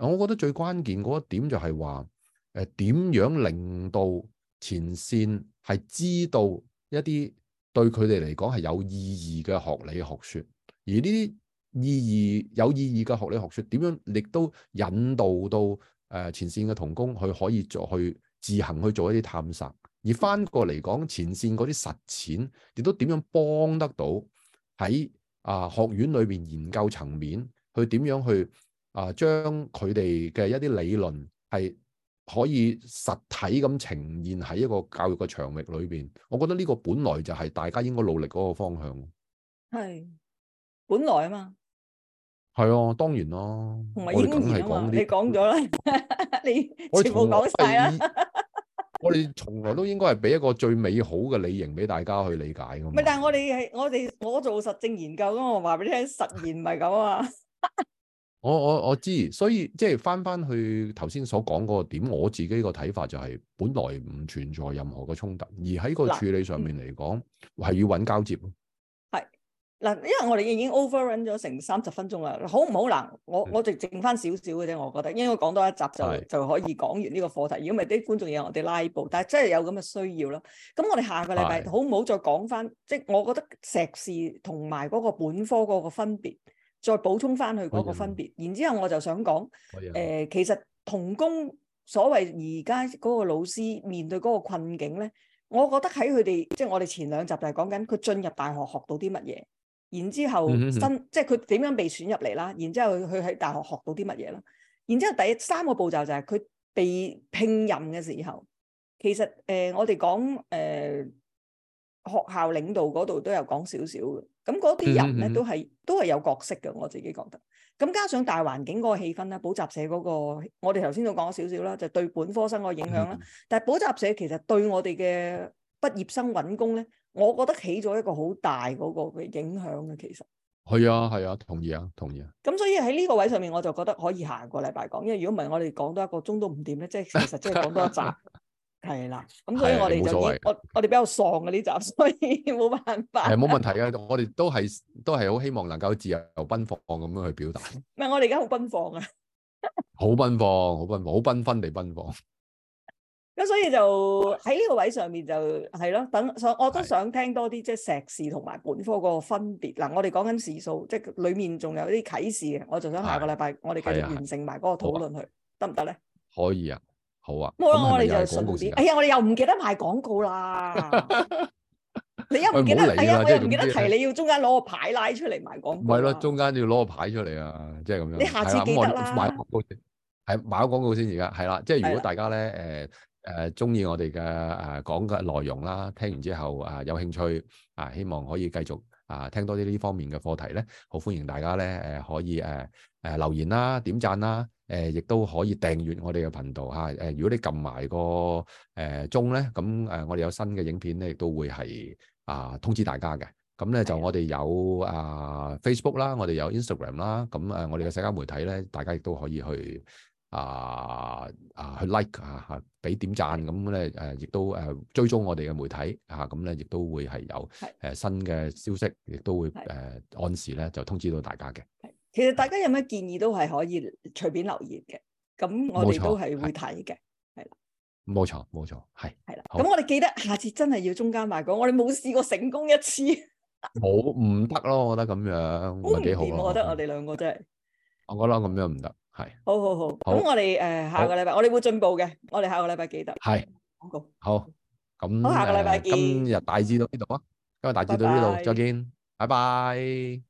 我我覺得最關鍵嗰一點就係話，誒、呃，點樣令到前線係知道一啲對佢哋嚟講係有意義嘅學理學說，而呢啲。意義有意義嘅學理學說，點樣亦都引導到誒、呃、前線嘅同工，佢可以做去自行去做一啲探索。而翻過嚟講，前線嗰啲實踐，亦都點樣幫得到喺啊、呃、學院裏邊研究層面，去點樣去啊將佢哋嘅一啲理論係可以實體咁呈現喺一個教育嘅場域裏邊。我覺得呢個本來就係大家應該努力嗰個方向。係本來啊嘛。係啊，當然咯，唔係，我哋梗係講啲、這個，你講咗啦， 你全部講晒啦。我哋從， 從來都應該係俾一個最美好嘅理型俾大家去理解㗎嘛。唔係，但係我哋係我哋，我做實證研究咁，我話俾你聽，實驗唔係咁啊。 我我我知，所以即係翻翻去頭先所講個點，我自己個睇法就係，本來唔存在任何嘅衝突，而喺個處理上面嚟講，係要揾交接。嗱，因為我哋已經 overrun 咗成三十分鐘啦，好唔好嗱？我我仲剩翻少少嘅啫。我覺得應該講多一集就就可以講完呢個課題。如果唔係啲觀眾要我哋拉布，但係真係有咁嘅需要咯。咁我哋下個禮拜好唔好再講翻？即係我覺得碩士同埋嗰個本科嗰個分別，再補充翻佢嗰個分別。然之後我就想講誒、呃，其實同工所謂而家嗰個老師面對嗰個困境咧，我覺得喺佢哋即係我哋前兩集就係講緊佢進入大學學到啲乜嘢。然之後，真即係佢點樣被選入嚟啦？然之後佢喺大學學到啲乜嘢啦？然之後第三個步驟就係佢被聘任嘅時候，其實誒、呃、我哋講誒學校領導嗰度都有講少少嘅。咁嗰啲人咧都係都係有角色嘅，我自己覺得。咁加上大環境嗰、嗰個氣氛啦，補習社嗰個我哋頭先都講咗少少啦，就係、對本科生個影響啦。但係補習社其實對我哋嘅畢業生揾工咧。我覺得起咗一個好大嗰個嘅影響嘅，其實係啊，係啊，同意啊，同意啊。咁所以喺呢個位上面，我就覺得可以下個禮拜講，因為如果唔係，我哋講多一個鐘都唔掂咧，即 係其實即係講多一集係啦。咁、 啊、所以我哋就我我哋比較喪嘅呢集，所以冇辦法。係冇、啊、問題嘅，我哋都係都係好希望能夠自由奔放咁樣去表達。唔 係我哋而家好奔放啊，好 奔放，好奔放，好繽紛地奔放。咁所以就喺呢個位置上面就，就係咯，等想我都想聽多啲即係碩士同埋本科個分別嗱，我哋講緊時數，即係裡面仲有啲啟示嘅，我仲想下個禮拜我哋繼續完成埋嗰個討論佢得唔得咧？可以啊，好啊，冇啦，我哋就順啲。哎呀，我哋又唔記得賣廣告啦！ 你又唔記得係啊、哎哎？我又唔記得提你要中間攞個牌拉出嚟賣廣告。咪咯，中間要攞個牌出嚟啊！即係咁樣，你下次記得啦。賣廣，廣告先，係賣廣告先，而家係啦，即係如果大家咧誒。誒、啊，中意我哋嘅誒講嘅內容啦，聽完之後誒、啊、有興趣啊，希望可以繼續啊聽多啲呢方面嘅課題咧，好歡迎大家咧誒、啊、可以誒誒、啊啊、留言啦、點讚啦，誒亦都可以訂閱我哋嘅頻道吓。誒、啊，如果你撳埋個誒鐘咧，咁、啊、誒、啊、我哋有新嘅影片咧，亦都會係啊通知大家嘅。咁咧就我哋有啊 Facebook 啦，我哋有 Instagram 啦，咁、啊、誒我哋嘅社交媒體咧，大家亦都可以去啊啊去 like 啊，俾點讚咁咧，誒、啊、亦、啊、都誒、啊、追蹤我哋嘅媒體啊，咁咧亦都會係有誒、啊、新嘅消息，亦都會誒、啊、按時咧就通知到大家嘅。其實大家有咩建議都係可以隨便留言嘅，咁我哋都係會睇嘅。係啦，冇錯冇錯，係係啦。咁我哋記得下次真係要中間賣講，我哋冇試過成功一次，冇唔得咯。我覺得咁樣唔係幾好咯。我覺得我哋兩個真係，我覺得咁樣唔得。係，好好好，咁我哋誒下個禮拜，我哋會進步嘅，我哋下個禮拜記得係，好好，咁下個禮拜見，呃，今日大致到呢度啊，今日大致到呢度，再見，拜拜。